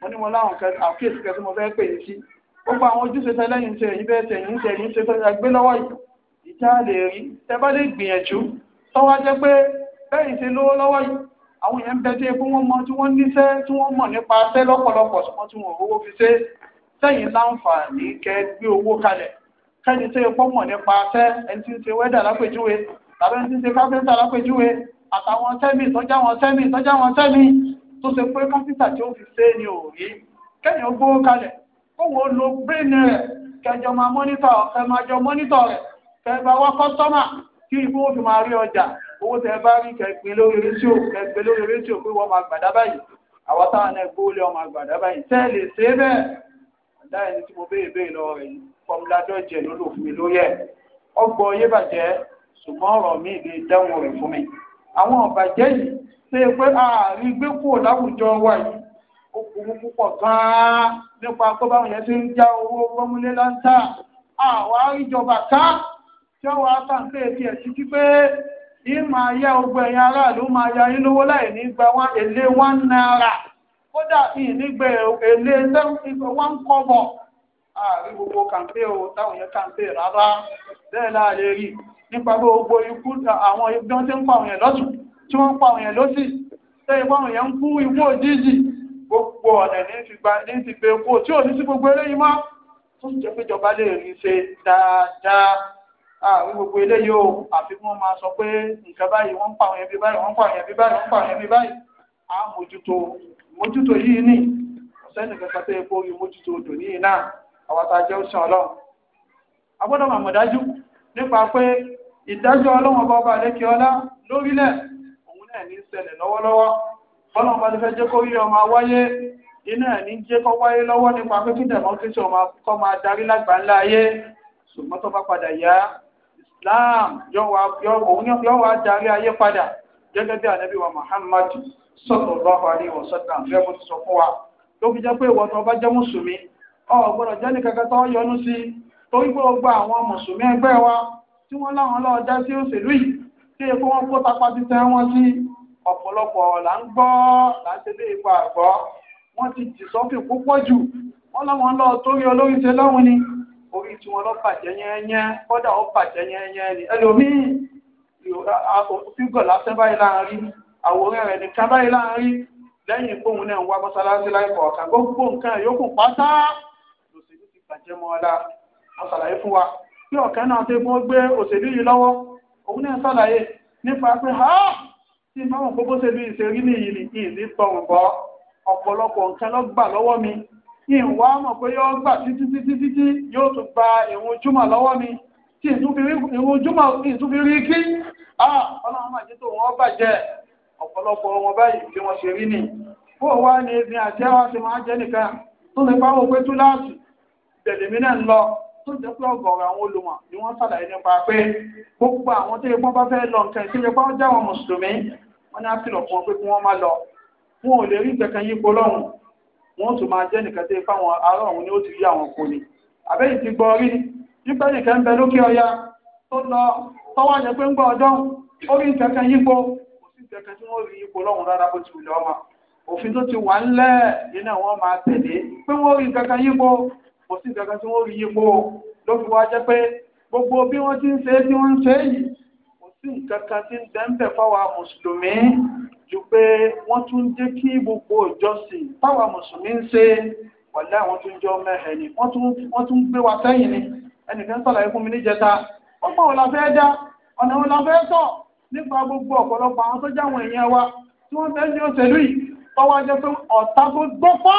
mo ní mo láwọn àkíyèsí kẹsí mo fẹ́ pè yín sí gbogbo àwọn ojúṣe tẹlẹ́yìn ṣe èyí bẹ́ẹ̀ ṣe èyí ṣe èyí gbé lọ́wọ́ ìjà lè rí tẹ bá lè gbìyànjú tọ́wọ́ jẹ́ pé bẹ́ẹ̀ ṣe lówó lọ́wọ́ yìí àwọn èèyàn bẹ tí epo wọn mọ tí wọ́n níṣẹ́ tí wọ́n mọ̀ nípa ṣẹ́ lọ́pọ̀lọpọ̀ ṣùgbọ́n tí wọ́n owó fi ṣe sẹ́yìn láǹfààní kẹ́ gbé owó kalẹ̀ kẹ́ni tí epo mọ̀ nípa ṣẹ́ ẹni tí ń ṣe wẹ́dà lápèjúwe tàbí ẹni tí ń ṣe káfíńtà lápèjúwe àtàwọn sẹ́mi tọ́já wọn sẹ́mi tọ́já wọn sẹ́mi tó ṣe pé káfíńtà tí ó fi ṣe ni ò rí kẹ́ni ó gbówó kalẹ̀ kóhùn ó lo bírèèni rẹ̀ kẹjọ máa mọ́nítọ̀ kẹ máa jọ mọ́nítọ̀ rẹ̀ kẹ owó tẹ bá rí kẹpin lórí rédíò kẹpin lórí rédíò pé wọ́n máa gbàdá báyìí àwọn táwọn náà gbóòlé ọmọ àgbàdá báyìí tẹ́lẹ̀ ṣe bẹ́ẹ̀ ọ̀dá ẹni tí mo béèrè béèrè lọ rẹ̀ fọmùládọ́jẹ ló lò fún mi lórí ẹ̀ ọgbọ́n yé bàjẹ́ ṣùgbọ́n ọ̀rọ̀ mi lè dáhùn rẹ̀ fún mi àwọn ọ̀bàjẹ́ yìí ṣe é pé ààrin gbé kúrò láwùjọ wa yìí ó kúrú púpọ̀ gan yìí máa yá ogun ẹ̀yìn aráàlú máa ya yín lówó láì ní gba èlé one náírà kódà yìí nígbà èlé one kọ́bọ̀ àrí gbogbo kàǹpé o táwọn yẹn kàǹpé rárá bẹ́ẹ̀ láàlè rí nípa gbogbo ikú àwọn ibi tí ń pa àwọn lọ́sùn tí wọ́n pa àwọn lọ́sì tẹ́ ipa àwọn ń kú ikú òjijì gbogbo ọ̀nà ní ti gba ní ti gbé kó tí ò ní sí gbogbo eléyìí mọ́ tó sì jẹ́ péjọba lè rí ṣe dáadáa àwọn gbogbo eléyìí o àfikún wọn máa sọ pé nǹkan báyìí wọ́n ń pa àwọn ẹbí báyìí wọ́n ń pa àwọn ẹbí báyìí wọ́n ń pa àwọn ẹbí báyìí á mójútó mójútó yìí ní ọ̀sẹ́ni kankan tó yẹ kó rí mójútó odò níyì náà àwọn tá a jẹ́ òṣìṣẹ́ ọlọ́run a gbọ́dọ̀ mọ̀ mọ̀dájú nípa pé ìdájọ́ ọlọ́run ọba ọba àlékè ọlá lórílẹ̀ òun náà ní ṣẹlẹ̀ lọ́wọ́lọ́wọ́ bọ́lọ́run bá ti fẹ́ jẹ́ kó rí ọmọ wáyé iná ẹ̀ ní kó wáyé lọ́wọ́ nípa pé kí dẹ̀mọ́kírísì ọmọ kọ́ máa darí lágbàá ńlá ayé ṣùgbọ́n tó bá padà yá Islam yóò wá darí ayé padà gẹ́gẹ́ bí ànábì wa Muhammad sallallahu alaihi wa sallam fẹ́ bó ti sọ fún wa ló fi jẹ́ pé ìwọ tó bá jẹ́ mùsùlùmí o gbọ́dọ̀ jẹ́ nìkankan tó yọnu sí torí pé gbogbo àwọn mùsùlùmí ẹgbẹ́ wa tí wọ́n láwọn lọ́ọ́ dá sí òṣèlú yìí tí epo wọn kó tapa títẹ wọn orí tí wọn lọ bàjẹ́ yẹ́nyẹ́ kọ́dà ó bàjẹ́ yẹ́nyẹ́ ni ẹlòmíì fígọ̀ lásán báyìí láàrin àwòrán rẹ̀ nìkan báyìí láàrin lẹ́yìn ìpóhun náà ń wá mọ́sálásí láìpọ̀ ọ̀kan gbogbo nǹkan yòókù pátá lòṣèlú ti bàjẹ́ mọ́ ọ́lá wọn ṣàlàyé fún wa bí ọ̀kan náà ti fún gbé òṣèlú yìí lọ́wọ́ òun náà ṣàlàyé nípa pé ha tí báwọn gbogbo ṣèlú ìṣerí nìyí ni ìní tọrùn bọ ọ̀pọ̀lọpọ̀ nǹkan ló gbà lọ́wọ́ mi ìwà mọ̀ pé yóò gbà títí títí títí yóò tún gba ìrun júmọ̀ lọ́wọ́ mi tí ìrun júmọ̀ ìtún fi rí kí ọlọ́run máa jẹ́ tó wọ́n bàjẹ́ ọ̀pọ̀lọpọ̀ wọn báyìí bí wọ́n ṣe rí ni bó wá ní ibi àti ẹwà ti máa jẹ́ nìkan tó lè bá wọn pé túláàsì tẹ̀lẹ̀mí náà ń lọ tó jẹ́ pé ọ̀gọ̀ọ̀rọ̀ àwọn olùmọ̀ ni wọ́n ṣàlàyé nípa pé gbogbo àwọn tó yẹ pọ́n bá fẹ́ lọ nǹkan ìṣẹ́yẹ pọ́n jáwọn mùsùlùmí wọ́n ní á kìlọ̀ fún pé kí wọ́n má lọ wọn ò rí ìtẹ̀kàn yípo lọ́hùn wọ́n tún máa jẹ́ nìkan tẹ́ fáwọn ará òun ní ó ti rí àwọn kò ní àbẹ́yìn ti gbọ́ rí nípa ń bẹ lókè ọya tó lọ tọ́wọ́ yẹ pé ń gbọ́ ọjọ́ orí nǹkan yípo kò sí nǹkan tí wọ́n rí rárá bó ti òfin tó ti wà ńlẹ̀ iná wọn máa tẹ̀lé pé wọ́n rí yípo gbogbo bí wọ́n ti ń ṣe wọ́n ń ṣe yìí kò ju pé wọ́n tún jẹ́ kí gbogbo ìjọsìn táwa mùsùlùmí ń ṣe wàlẹ́ àwọn tó ń jọ mẹ́hẹ̀ ni wọ́n tún gbé wa sẹ́yìn ni ẹnìkan sàlàyé fún mi níjẹta ó pọ̀ wọn la fẹ́ dá ọ̀nà wọn la fẹ́ sọ nípa gbogbo ọ̀pọ̀lọpọ̀ àwọn tó jáwọn èèyàn wa tí wọ́n fẹ́ ní òṣèlú yìí tọ́wọ́ jẹ́ pé ọ̀tá tó gbọ́pọ́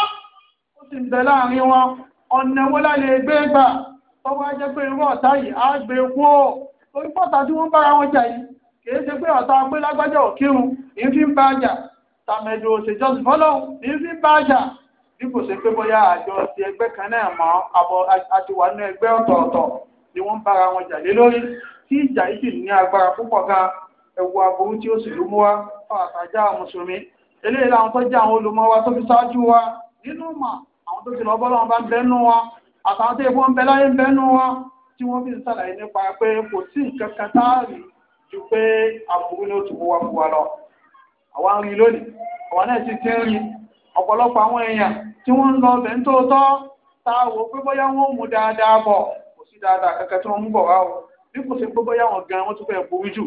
ó sì ń bẹ láàrin wọn ọ̀nà wọn lálẹ́ ẹgbẹ́ gbà tọ́wọ́ jẹ́ pé irú ọ̀tá yìí á gbé kú ó torí pọ̀tà tí wọ́n bára wọn jà yìí kìí ṣe pé ọ̀tá pé lágbájá òkírun ní fi ń bá àjà tàmẹ̀dù òṣèjọsìn fọlọ́hún ní fi ń bá àjà bí kò ṣe pé bóyá àjọ ti ẹgbẹ́ kan náà mọ́ àbọ̀ àtiwánú ẹgbẹ́ ọ̀tọ̀ọ̀tọ̀ ni wọ́n ń bára wọn jà lé lórí tí ìjà yìí sì ní agbára púpọ̀ gan ẹ̀wù aburú tí ó sì ló mú wa fún àtàjà mùsùlùmí eléyìí làwọn tó jẹ́ àwọn olùmọ̀ wa tó fi ṣáájú wa nínú mà àwọn tó ti lọ bọ́ lọ́wọ́ bá ń bẹ́nu wa àtàwọn tó yẹ kó ń bẹ láyé ń bẹ́nu wa tí wọ́n fi ń ṣàlàyé nípa pé kò sí nǹkan kan táàrí ju pé aburú ní oṣù wa fún wa lọ àwa ń rí lónìí àwa náà sì ti ń rí ọ̀pọ̀lọpọ̀ àwọn èèyàn tí wọ́n ń lọ ọbẹ̀ ń tóótọ́ tá a wò pé bóyá wọ́n mú dáadáa bọ̀ kò sí dáadáa kankan tí wọ́n mú bọ̀ wá o bí kò sí pé bóyá wọn gan wọn tún fẹ́ borí jù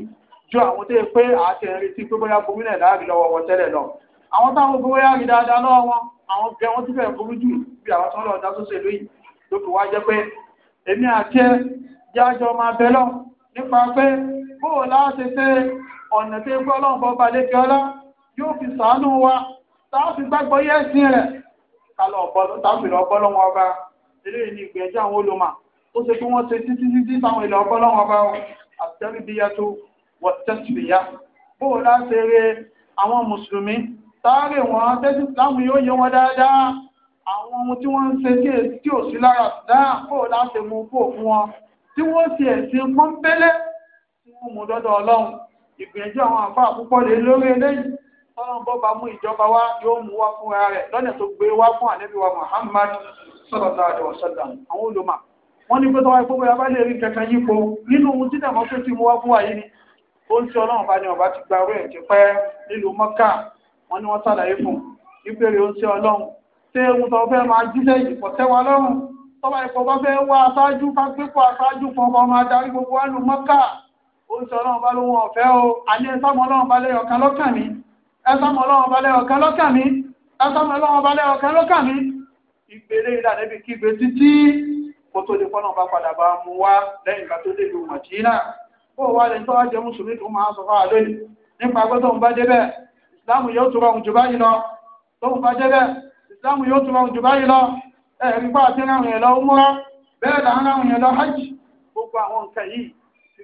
ju àwọn tó yẹ pé àti ẹ̀rí tí pé bóyá borí náà láàrin lọ́wọ́ wọn tẹ́lẹ̀ lọ àwọn táwọn bóyá rí dáadáa lọ́wọ́ wọn àwọn gan wọn tún fẹ́ borí jù bí àwọn tó ń lọ ọ̀dà tó ṣe lóyìn ló wá jẹ́ pé èmi àti ẹ jájọ máa bẹ lọ nípa pé bó o láti ṣe ọ̀nà tí gbọ́ ọlọ́run bọ́ balẹ̀ kí ọlá yóò fi sàánú wa táà fi gbàgbọ́ yẹ́ ẹ̀sìn rẹ̀ kálọ̀ ọ̀bọ̀lọ́ táà fi lọ bọ́lọ́wọ́ ọba eléyìí ni ìgbẹ́jọ́ àwọn olùmọ̀ ó ṣe kí wọ́n ṣe títí títí táwọn ilẹ̀ ọbọ́lọ́wọ́ ọba àtẹ́rìbíyàtò wọ̀tẹ́sìbìyà bó o láti ṣe àwọn mùsùlùmí táàrè wọn tẹ́sí láàmù yóò yẹ wọn dáadáa àwọn ohun tí wọ́n ń ṣe tí ò sí lára dáa bó o láti mú kó fún wọn tí wọ́n ti ẹ̀sìn pọ́ńpẹ́lẹ́ mú dọ́dọ̀ ọlọ́run ìgbìyànjú àwọn àfáà púpọ̀ lé lórí eléyìí tọ́lọ́n bọ́ bá mú ìjọba wá yóò mú wá fúnra rẹ̀ lọ́nà tó gbé wá fún ànábì wa Muhammad sallallahu alaihi wasallam àwọn olùmọ̀ wọ́n ní pé tọ́wọ́ ìpópó yaba lè rí kankan yípo nínú ohun tí dàmọ́ pé tí mo wá fún wa yìí ni ó ń tí ọlọ́run bá ní ọba ti gba orí ẹ̀jẹ̀ pẹ́ nílùú Mọ́kà wọ́n ní wọ́n sàlàyé fún ìbéèrè ohun tí ọlọ́run ṣé ohun tó fẹ́ máa jíṣẹ́ ìpọ̀ tẹ́wa lọ́rùn tọ́wọ́ ìpọ̀ bá fẹ́ wá aṣáájú ká gbépọ̀ aṣáájú kan kan máa darí gbogbo wa nù Mọ́kà oúnjẹ ọlọ́run bá lóhun ọ̀fẹ́ o alẹ́ ẹ̀sọ́mọ ọlọ́run bá lẹ́yọ̀ kan lọ́kàn mi ẹ̀sọ́mọ ọlọ́run bá lẹ́yọ̀ kan lọ́kàn mi ẹ̀sọ́mọ ọlọ́run bá lẹ́yọ̀ kan lọ́kàn mi ìgbèrè ìlànà ibi kígbe títí kó tó lè fọ́nà bá padà bá mú wá lẹ́yìn ìgbà tó débi màjínà ó wà lè tọ́ jẹ mùsùlùmí tó máa sọ fáà lónìí nípa pé tóun bá débẹ̀ ìsìláàmù yóò tó rọrùn jù báyìí lọ tóun bá débẹ̀ ìsìláàmù yóò tó rọrùn jù báyìí lọ ẹ̀rí pàtẹ́ ráhùn yẹn lọ múra bẹ́ẹ̀ là ń ráhùn yẹn lọ hajj gbogbo àwọn nǹkan yìí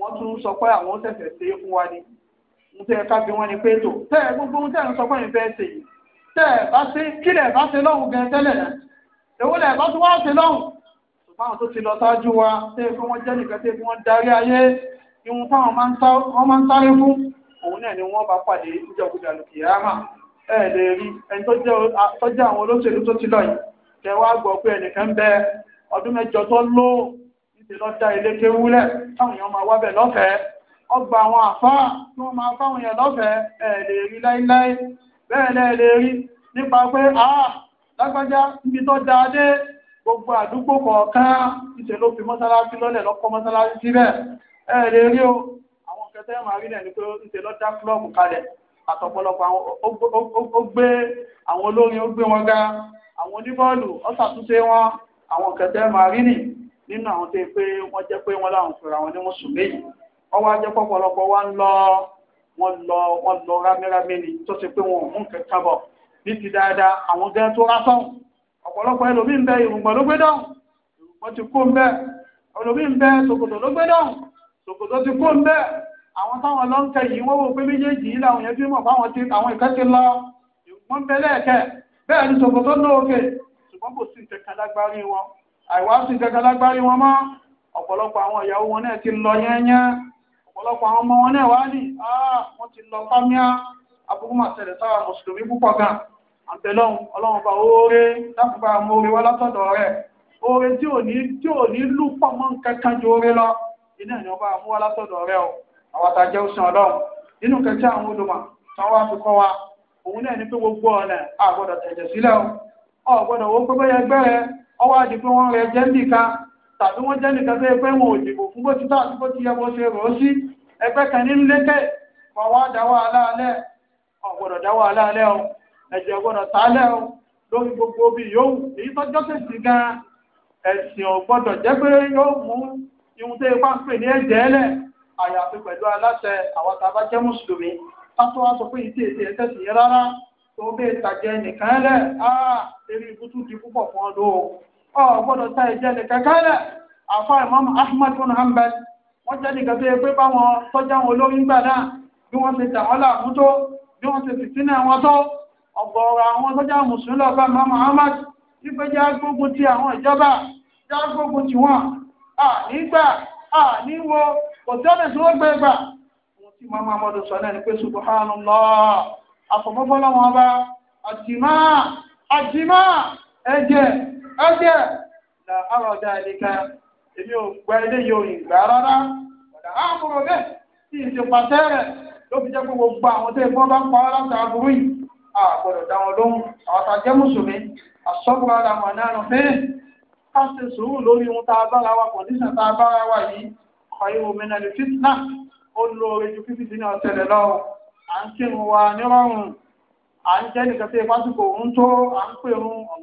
wọ́n tún sọ pé àwọn ṣẹ̀ṣẹ̀ ṣe é fún wa ni ń tẹ́ ká bí wọ́n ní pé tò tẹ́ ẹ gbogbo ohun tẹ́ ẹ ń sọ pé ìfẹ́ ṣe yìí tẹ́ ẹ bá ṣe kílẹ̀ bá ṣe lọ́hùn gan tẹ́lẹ̀ náà èwo lẹ̀ bá tún wá ṣe lọ́hùn ṣùgbọ́n àwọn tó ti lọ ṣáájú wa tẹ́ ẹ pé wọ́n jẹ́ nìkan tẹ́ wọ́n darí ayé ihun táwọn máa ń sáré fún òun náà ni wọ́n bá pàdé ìjọba lùkìyàmà ẹ lè rí ẹni tó jẹ́ àwọn olóṣèlú tó ti lọ yìí tẹ́ wá gbọ́ pé ẹnìkan bẹ ọdún mẹ́jọ tó lóò lọ́dá ilé kéwúlẹ̀ táwọn èèyàn máa wábẹ̀ lọ́fẹ̀ẹ́ ọgbà àwọn àfáà tí wọ́n máa fáwọn èèyàn lọ́fẹ̀ẹ́ ẹ̀ lè rí láíláí bẹ́ẹ̀ lẹ́ lè rí nípa pé lágbájá níbi tó gbogbo àdúgbò kọ̀ọ̀kan ìṣe ló fi mọ́sálásí lọ́lẹ̀ lọ́kọ́ mọ́sálásí síbẹ̀ ẹ̀ lè o àwọn kẹtẹ́ máa rí ni pé kalẹ̀ àtọ̀pọ̀lọpọ̀ àwọn ó gbé àwọn olórin ó gbé wọn ga àwọn oníbọ́ọ̀lù nínú àwọn tó yẹ pé wọ́n jẹ́ pé wọ́n láwọn fẹ́ra wọn ní mùsùlùmí yìí wọ́n wá jẹ́ pọ̀pọ̀lọpọ̀ wá ń lọ wọ́n lọ wọ́n lọ rámẹ́rámẹ́ ni tó ṣe pé wọn ò mú nǹkan kábọ̀ ní ti dáadáa àwọn gẹ́gẹ́ tó rásán ọ̀pọ̀lọpọ̀ ẹlòmíín bẹ ìrùngbọ̀n ló gbé dán ìrùngbọ̀n ti kó ń bẹ ẹlòmíín bẹ ṣòkòtò ló gbé dán ṣòkòtò ti kó ń bẹ àwọn táwọn lọ ń kẹ yìí wọ́n wò pé méjèèjì yìí làwọn yẹn fi mọ̀ fáwọn ti àwọn ìkẹ́ ti lọ ìrùngbọ̀n bẹ lẹ́ẹ̀kẹ́ bẹ́ẹ̀ ni ṣòkòtò lóòkè ṣùgbọ́n kò sí ìtẹ̀kẹ́ lágbárí wọn àìwáṣí kankan lágbárí wọn mọ́ ọ̀pọ̀lọpọ̀ àwọn ìyàwó wọn náà ti lọ yẹ́nyẹ́ ọ̀pọ̀lọpọ̀ àwọn ọmọ wọn náà wá ní ah, wọ́n ti lọ fámíà abúrú máa ṣẹlẹ̀ sára mùsùlùmí púpọ̀ gan àbẹ̀lọ́hun ọlọ́run bá oore dákùnbà mọ́re wá látọ̀dọ̀ rẹ̀ oore tí ò ní tí ò ní lù pọ̀ mọ́ nǹkan kan ju oore lọ iná ìní ọba àmú wá látọ̀dọ̀ rẹ̀ o àwọn ọwọ́ àti pé wọ́n rẹ jẹ́ nìkan tàbí wọ́n jẹ́ nìkan tó yẹ pé wọn ò dìbò fún bó ti tà àti bó ti yẹ bó ṣe rò ó sí ẹgbẹ́ kan ní lékè ọwọ́ àdáwọ̀ aláàlẹ́ ọ̀gbọ̀dọ̀ dáwọ̀ aláàlẹ́ o ẹ̀jẹ̀ ọ̀gbọ̀dọ̀ tálẹ̀ o lórí gbogbo obì yòówù èyí tó jọ́ sèṣì gan ẹ̀sìn ọ̀gbọ̀dọ̀ jẹ́ pé yóò mú ihun tó ipá ń pè ní ẹ̀jẹ̀ ẹlẹ̀ àyàfi pẹ̀lú aláṣẹ àwọn wá sọ pé ìdí èdè ẹ̀tẹ́ sì yẹ rárá tó bẹ́ẹ̀ tàjẹ́ nìkan lẹ̀ á eré ibùtú di púpọ̀ fún ọdún o ọ gbọ́dọ̀ ta ẹ̀jẹ̀ nìkan kálẹ̀ àfa imam bin hanbal wọ́n jẹ́ nìkan tó yẹ pé báwọn wọn olórí ńgbà náà bí wọ́n ṣe dà wọ́n láàmú tó bí wọ́n fìtínà wọn tó àwọn mùsùlùmí wípé ti àwọn ìjọba ti wọn à nígbà à níwo kò wọ́n gbé gbà wọ́n ti pé àfọ̀mọ́fọ́lọ́wọ́n ọjọ́ là ọ̀rọ̀ dáadéka èmi ò gbọ́ eléyìí ò ìgbà rárá ọ̀dà àbúrò bẹ́ẹ̀ tí ìṣe pàṣẹ rẹ̀ ló fi jẹ́ pé gbogbo àwọn tó ìfọ́n bá pa ọ́ láti aburú yìí àgbọ̀dọ̀ dá wọn lóhùn àwọn tá a jẹ́ mùsùlùmí àsọ́gbọ́n ara wọn náà fẹ́ ká ṣe sùúrù lórí ohun tá a bára wa kọ̀ndíṣàn tá a bára wa yìí kọ̀ ihò mìíràn ní fitna ó lóore ju fífi sínú ọ̀sẹ̀lẹ̀ lọ à ń kírun wa nírọ̀rùn à ń jẹ́ nìkan tí ipá tó kò ń tó à ń pèrun ọ̀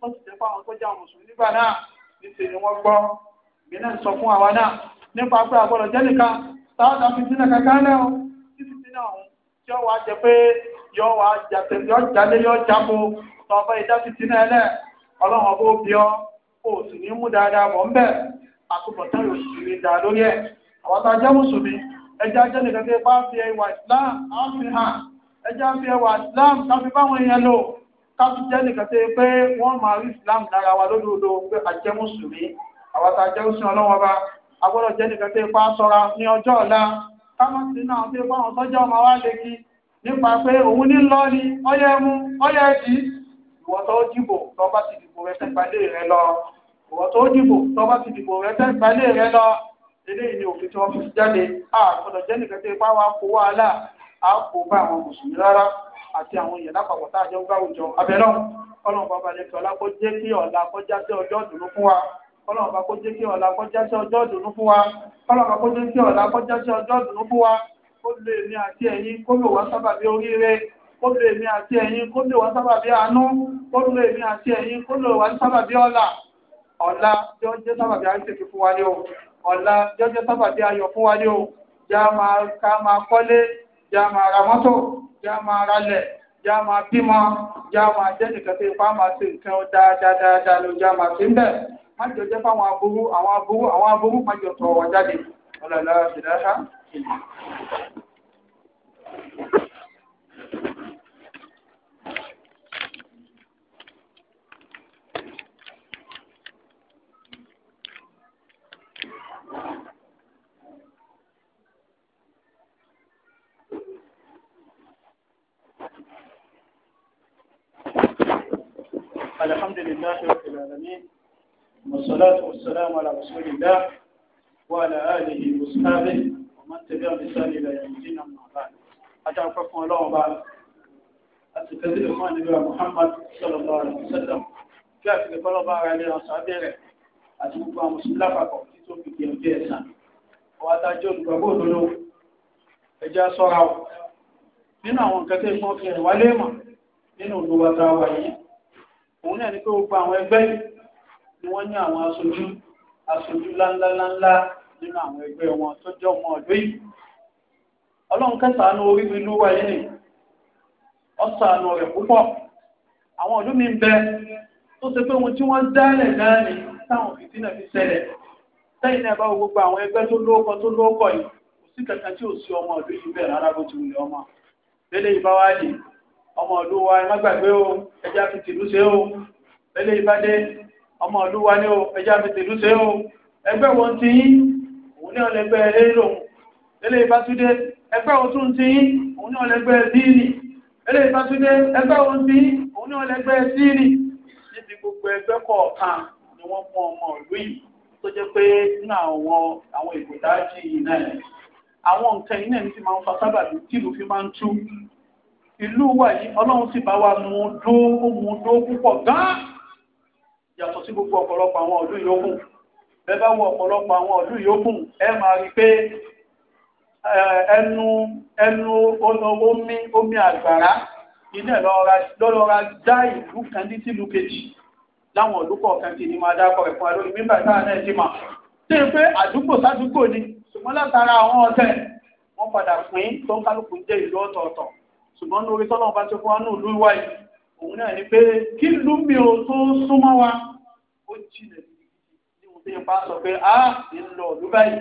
wọ́n sì jẹ́ pé àwọn tó jẹ́ àwọn mùsùlùmí nígbà náà níṣẹ́ ni wọ́n gbọ́ èmi sọ fún àwa náà nípa pé àgbọ̀dọ̀ jẹ́ nìkan táwọn àfi sínú kankan náà ó títí sínú tí jẹ pé yọ wàá jàpé yọ yọ jábo ìdá náà ọlọ́run ọba òbí ọ kò sì ní mú dáadáa bọ̀ ńbẹ̀ yóò sì rí dáa lórí a jẹ́ mùsùlùmí ẹja jẹ́ nìkan Islam káàtó jẹ́ nìkan tó yẹ pé wọ́n Islam lára wa lódodo pé a jẹ́ mùsùlùmí àwọn jẹ́ òsìn ọba a gbọ́dọ̀ jẹ́ nìkan tó yẹ pé a sọ́ra ní ọjọ́ ọ̀la náà tó yẹ nípa pé òun ni ọyẹ mú ọyẹ tó dìbò tó lọ ni òfin tí wọ́n fi jáde a jẹ́ nìkan tó yẹ àti àwọn èèyàn lápapọ̀ tá a jọ ń gbá òjò abẹ́rẹ́ ọlọ́run bàbá lè fi ọlá kó jẹ́ kí ọ̀la kọjá sí ọjọ́ ìdùnnú fún wa ọlọ́run bá kó jẹ́ kí ọ̀la kọjá sí ọjọ́ ìdùnnú fún wa ọlọ́run bá kó jẹ́ kí ọ̀la kọjá sí ọjọ́ ìdùnnú fún wa kó lè ní àti ẹ̀yin kó lè wá sábàbí oríire kó lè ní àti ẹ̀yin kó lè wá sábàbí àánú kó lè ní àti ẹ̀yin kó lè wá sábàbí ọ̀la ọ̀la jọ jẹ́ sábàbí àìsèkì fún wa ní o ọ̀la jọ jẹ́ sábàbí ayọ̀ fún wa ní o já máa ká máa kọ́lé Jama máa ra mọ́tò jama máa ralẹ̀ já máa bímọ já máa jẹ́ nìkan tó ipá máa ṣe nǹkan dáadáa ló já máa ṣe ń bẹ̀ má jọ jẹ́ fáwọn aburú àwọn aburú má jọ tọ̀rọ̀ jáde ọ̀làlá ìdáhà. الحمد لله رب العالمين والصلاة والسلام على رسول الله وعلى آله وصحبه ومن تبعهم بسال إلى يوم الدين أما بعد أتعرفكم الله بعد أتكذب ما نبي محمد صلى الله عليه وسلم كيف يقول الله عليه وصحبه أتبقى مسلم لفقه في توفيق يوم الدين وأتعجل بقوله ẹja sọ́ra ọ̀ nínú àwọn kẹtẹ́ fún ọkẹ̀ wálé mọ̀ nínú olùwàtà wà yìí òun náà ní pé gbogbo àwọn ẹgbẹ́ yìí ni wọ́n ní àwọn aṣojú aṣojú ńláńláńlá nínú àwọn ẹgbẹ́ wọn tó jẹ́ ọmọ ọ̀dọ́ yìí ọlọ́run kẹsàánú orí mi ló wáyé nì ọ̀sàánú rẹ̀ púpọ̀ àwọn ọ̀dọ́ mi ń bẹ tó ṣe pé ohun tí wọ́n dálẹ̀ náà ni táwọn fìtínà fi ṣẹlẹ̀ lẹ́yìn náà bá gbogbo àwọn ẹgbẹ́ tó lóókọ tó lóókọ yìí kò sí kankan tí ò sí ọmọ ọ̀dọ́ yìí bẹ̀rẹ̀ rárá bó ti wù lé ọmọ lélẹ́yìí bá wá ọmọ ọdún wa o ẹjá fi tìlú ṣe o ìbádé ọmọ ọdún wa ní o ẹjá fi o wo ti yín òun ní ọlẹ́gbẹ́ eérò lẹ́lẹ́ ìbátúndé ẹgbẹ́ wo tún ti yín òun ní ọlẹ́gbẹ́ díìnì lẹ́lẹ́ ìbátúndé ẹgbẹ́ ti yín òun ní gbogbo ni ọmọ ìlú yìí tó jẹ́ pé nínú àwọn àwọn ìbòdájì náà àwọn nǹkan iná ìlú wa yìí ọlọ́run sì bá wa mú un dó mú un dó púpọ̀ gán yàtọ̀ sí gbogbo ọ̀pọ̀lọpọ̀ àwọn ọdún yòókù bẹ́ẹ̀ bá wọ ọ̀pọ̀lọpọ̀ àwọn ọdún yòókù ẹ máa rí pé ẹnu ẹnu omi omi àgbàrá ilé lọ́lọ́ra dá ìlú kan ní sílùú kejì láwọn ọdún kọ̀ọ̀kan ti ní máa dá kọ̀ọ̀kan fún wa lórí mímbà táà náà ti mà tí ń pé àdúgbò sádúgbò ni ṣùgbọ́n látara àwọn ọ̀tẹ̀ wọ́n padà pín tó ń kálukú jẹ́ ìlú ọ̀tọ̀ọ̀tọ̀ ṣùgbọ́n lórí tọ́lọ́run bá ṣe fún wa ní ìlú wa yìí òun náà ni pé kí ìlú mi ò tó súnmọ́ wa ó jìnà ní ohun tí yorùbá sọ pé a ah, ń lọ ìlú báyìí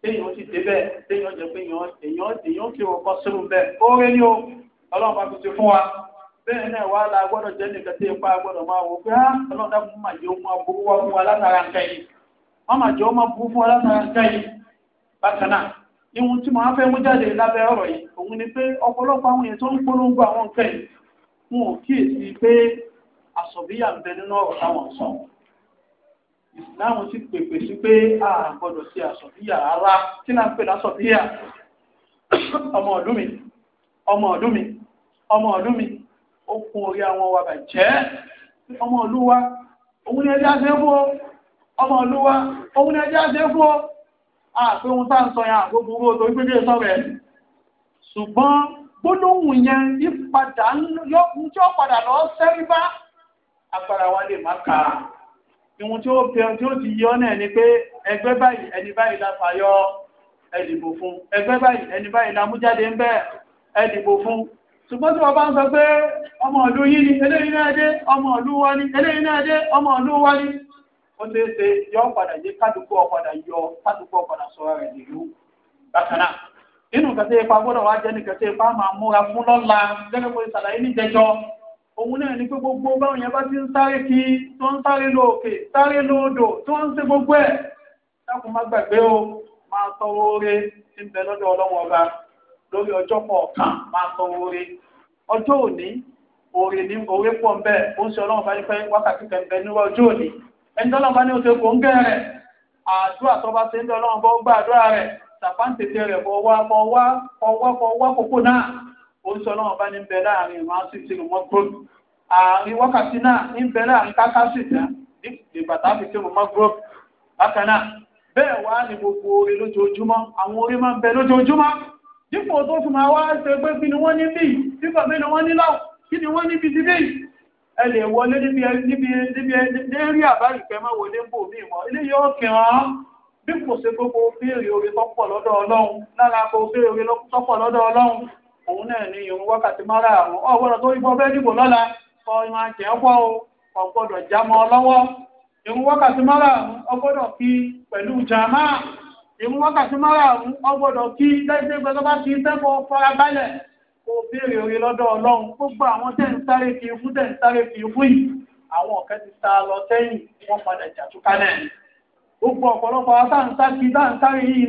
téèyàn ti dé bẹ́ẹ̀ téèyàn jẹ́ pé èèyàn èèyàn kí wọn kọ́ sínú bẹ́ẹ̀ ó rẹ́ ní o ọlọ́run bá fi ṣe fún wa bẹ́ẹ̀ náà wà á la gbọ́dọ̀ jẹ́ nìkan tí ipa gbọ́dọ̀ máa wò pé á ah, ọlọ́run dákun máa jẹ́ ohun aburú wa fún wa látara nǹkan yìí wọ́n máa jẹ́ ohun aburú fún wa látara nǹkan yìí bákan náà ihun tí màá fẹ́ mú jáde lábẹ́ ọ̀rọ̀ yìí òun ni pé ọ̀pọ̀lọpọ̀ àwọn èèyàn tó ń polongo àwọn nǹkan yìí wọn ò kíyèsí pé àsọ̀bíyà ń bẹ nínú ọ̀rọ̀ táwọn sọ ìsìláàmù ti pèpè sí pé a gbọdọ̀ sí àsọ̀bíyà rárá kí náà ń pè lásọ̀bíyà ọmọ ọdún mi ọmọ ọdún mi ọmọ ọdún mi ó kún orí àwọn wa bàjẹ́ ọmọ olúwa òun ni ẹjẹ́ àṣẹ fún ọ ọmọ olúwa òun ni ẹjẹ́ àṣẹ fún ọ àpé ah, ohun tá ń sọ yẹn àgbógun owó tó gbé dé sọ́rọ̀ ẹ̀ ṣùgbọ́n gbólóhùn yẹn yípadà ń tí ó padà lọ sẹ́rí bá agbára wa lè má ka ìhun tí ó pẹ tí ó ti yọ náà ni pé ẹgbẹ́ báyìí ẹni báyìí la fàyọ ẹdìbò fún ẹgbẹ́ báyìí ẹni báyìí la mú jáde ń bẹ́ẹ̀ ẹdìbò fún ṣùgbọ́n tí wọ́n bá ń sọ pé ọmọ ìlú yìí ni eléyìí náà dé ọmọ ìlú wa ni eléyìí náà dé ọmọ ìlú wa ni ó ṣeé ṣe yọ padà yé kádùkú ọ̀padà yọ kádùkú ọ̀padà sọ̀rọ̀ rẹ̀ nìlú bákan náà nínú kẹsẹ̀ ipa gbọ́dọ̀ wá jẹ́ nìkẹsẹ̀ ipa máa múra fún lọ́la gẹ́gẹ́ bó ṣe ṣàlàyé níjẹjọ́ òun náà ni pé gbogbo báwọn yẹn bá ti ń sáré kí tó ń sáré lọ òkè sáré lọ odò tó ń ṣe gbogbo ẹ̀ dákun má gbàgbé o máa tọrọ oore tí ń bẹ lọ́dọ̀ ọlọ́wọ́ ọba lórí ọjọ́ kọ̀ọ̀kan máa tọrọ oore ọjọ́ òní oore ní oore pọ̀ ń bẹ́ẹ̀ ó ń ṣe ọlọ́run bá ní pẹ́ wákàtí kan bẹ níwọ̀ ọjọ́ òní ẹnitọ́lọ́mọba ní oṣù kò ń gẹ̀rẹ̀ àdúrà tó bá ṣe ń dọ́lọ́mọba ó gbàdúrà rẹ̀ sàpáǹtẹ̀tẹ̀ rẹ̀ fọwọ́ fọwọ́ fọwọ́ kókó náà oṣù ọlọ́mọba ní bẹ láàrin ìmọ̀ àti ìṣèlú mọ́gbọ́n àárín wákàtí náà ní bẹ láàrin kákásì náà ní bàtà fi ṣèlú mọ́gbọ́n bákan náà bẹ́ẹ̀ wá ní gbogbo orí lójoojúmọ́ àwọn orí máa ń bẹ lójoojúmọ́ dípò tó fi máa wá ṣe pé kí ni wọ́n ní bí ẹ lè wọlé níbi níbi níbi lérí àbá ìfẹ́ máa wọlé ń bò mí mọ́ ilé yóò kí wọn bí kò ṣe gbogbo béèrè orí tọ́pọ̀ lọ́dọ̀ ọlọ́run lára kò béèrè orí tọ́pọ̀ lọ́dọ̀ ọlọ́run òun náà ní wákàtí mara àrùn ọgbọ́dọ̀ tó dìbò lọ́la sọ kó béèrè orí lọ́dọ̀ ọlọ́run gbogbo àwọn tẹ̀ ń sáré fi ikú tẹ̀ ń àwọn ọ̀kẹ́ ti sá lọ sẹ́yìn wọ́n padà jà gbogbo ọ̀pọ̀lọpọ̀ yìí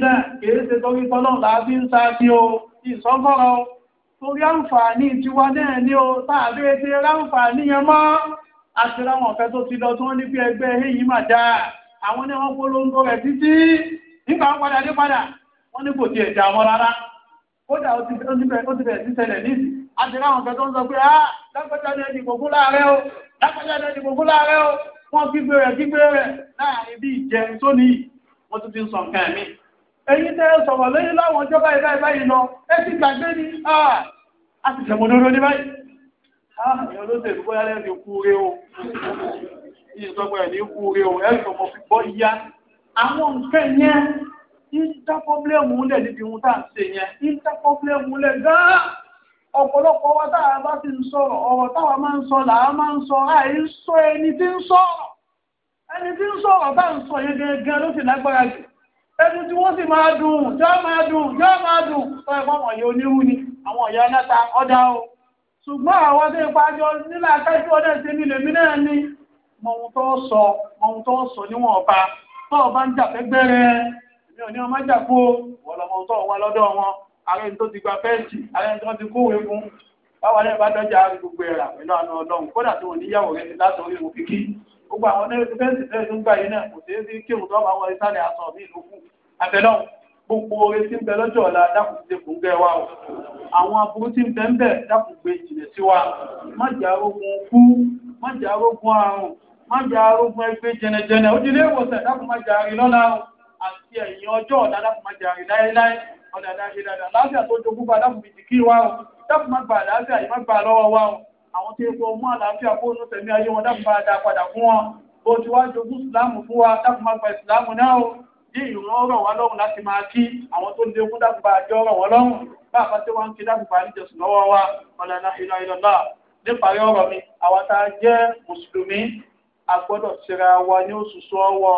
náà kìí ṣe torí tọ́lọ́n láàbí ń sáàkì o ìsọ́gọ́rọ̀ torí àǹfààní tiwa náà ní o ti yẹn mọ́ àti tó ti lọ tí wọ́n ní bí ẹgbẹ́ mà àwọn ní wọ́n polongo rẹ̀ títí nígbà wọn padà dé padà wọ́n ní kò kódà ó ti bẹ̀rẹ̀ sí ṣẹlẹ̀ níbi àtìrá àwọn kẹtọ́ ń sọ pé ah lágbájá ní ẹni gbogbo láàrẹ o lágbájá ní ẹni gbogbo láàrẹ o wọ́n gbígbé rẹ̀ gbígbé rẹ̀ láàrin bí ìjẹ tó níyì wọ́n tún ti ń sọ nǹkan ẹ̀mí. èyí tẹ́ ẹ sọ̀rọ̀ lẹ́yìn láwọn ọjọ́ báyìí báyìí báyìí lọ ẹ ti gbàgbé ni ah, a ti tẹ̀mọ́ lóró ní báyìí. àwọn ah, olóṣèlú bóyá lẹ́nu ikú rẹ o ìyẹn sọ pé ẹ̀ ní ikú rẹ o ẹ̀ sọ̀mọ́ fi bọ́ yá àwọn nǹkan yẹn ìdá pọ́blẹ́mù lẹ̀ níbi ohun tá à ń ṣe yẹn ìdá pọ́blẹ́mù lẹ̀ gan-an ọ̀pọ̀lọpọ̀ wa táwa bá ti ń sọ̀rọ̀ ọ̀rọ̀ táwa máa ń sọ làá máa ń sọ àì ń sọ ẹni tí ń sọ̀rọ̀ ẹni tí ń sọ̀rọ̀ bá ń sọ yẹn gẹ́gẹ́ ló sì lágbára jù ẹni tí wọ́n sì máa dùn jọ́ máa dùn jọ́ máa dùn tọ́ ẹ̀kọ́ àwọn ọ̀yẹ́ ni àwọn ọ̀yẹ́ aláta ọ̀dà o ṣùgbọ́n àwọn tó ipa jọ nílà akẹ́kọ̀ọ́ ọ̀dà ìsinmi lèmi náà ni mọ̀hun tó sọ mọ̀hun tó sọ níwọ̀n ọba tó ọba ń jà fẹ́gbẹ́rẹ́ mi ò ní ọmọ jà kó wọlọmọ tó wà lọ́dọ̀ wọn ààrẹ tó ti gba fẹẹsì ààrẹ tó ti kúwèé fún báwa náà bá gbogbo ẹ̀rà pẹ̀lú àna ọlọ́run kódà tó wọn níyàwó rẹ ti látọ̀ orí gbogbo àwọn onírètí fẹẹsì gbà yín náà kò àti ẹ̀yìn ọjọ́ ọ̀la dákun máa jàre láéláé ọ̀dà dáadáa dáadáa láàbíà tó jogún bá dákun bìtì kí wa o dákun má gba àlàáfíà yìí má gba lọ́wọ́ wa o àwọn tí epo mú àlàáfíà fóònù tẹ̀mí ayé wọn dákun bá dáa padà fún wọn bó ti wá jogún ìsìláàmù fún wa dákun má gba ìsìláàmù náà o bí ìran rọ̀ wá lọ́rùn láti máa kí àwọn tó lé ogún dákun àjọ rọ̀ wọ́n lọ́rùn bá tí wọ́n ń kí dákun bá níjọsìn lọ́wọ́ wa ọ̀làlá ìlà níparí ọ̀rọ̀ mi àwọn jẹ́ mùsùlùmí a gbọ́dọ̀ wa ní òṣùṣù ọwọ́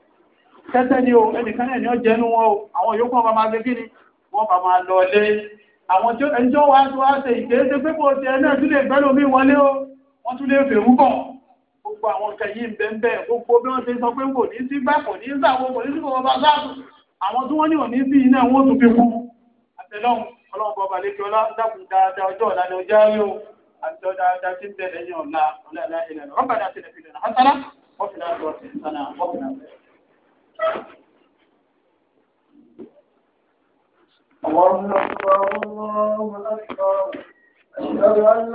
tẹ́tẹ́ ni o ẹnìkan náà ni ó jẹ́nu wọn o àwọn yòókù wọn bá máa gbé kí ni wọ́n bá máa lọ lé àwọn tó ẹjọ́ wá tó wá ṣe ìkéèsé pé kò tẹ náà tún lè gbẹ́ lómi wọlé o wọ́n tún lè fèrú bọ̀ gbogbo àwọn nǹkan ń bẹ́ẹ̀ bẹ́ẹ̀ gbogbo bí wọ́n ṣe sọ pé kò ní sí gbà kò ní sàwọ́ kò ní sí kòkòrò bá sáàtù àwọn tí wọ́n ní òní sí iná wọn tún fi kú àtẹlọ́hùn ọlọ́run bọ́ balẹ̀ kí ọlá dákun dáadáa ọjọ́ ọ̀la ni ọjọ́ ayé o àti ọjọ́ dáadáa tí ń bẹ̀rẹ̀ ní ọ̀la ọ̀la ìlànà rọ́bà dá sílẹ̀ sílẹ̀ náà الله أكبر الله أكبر أشهد أن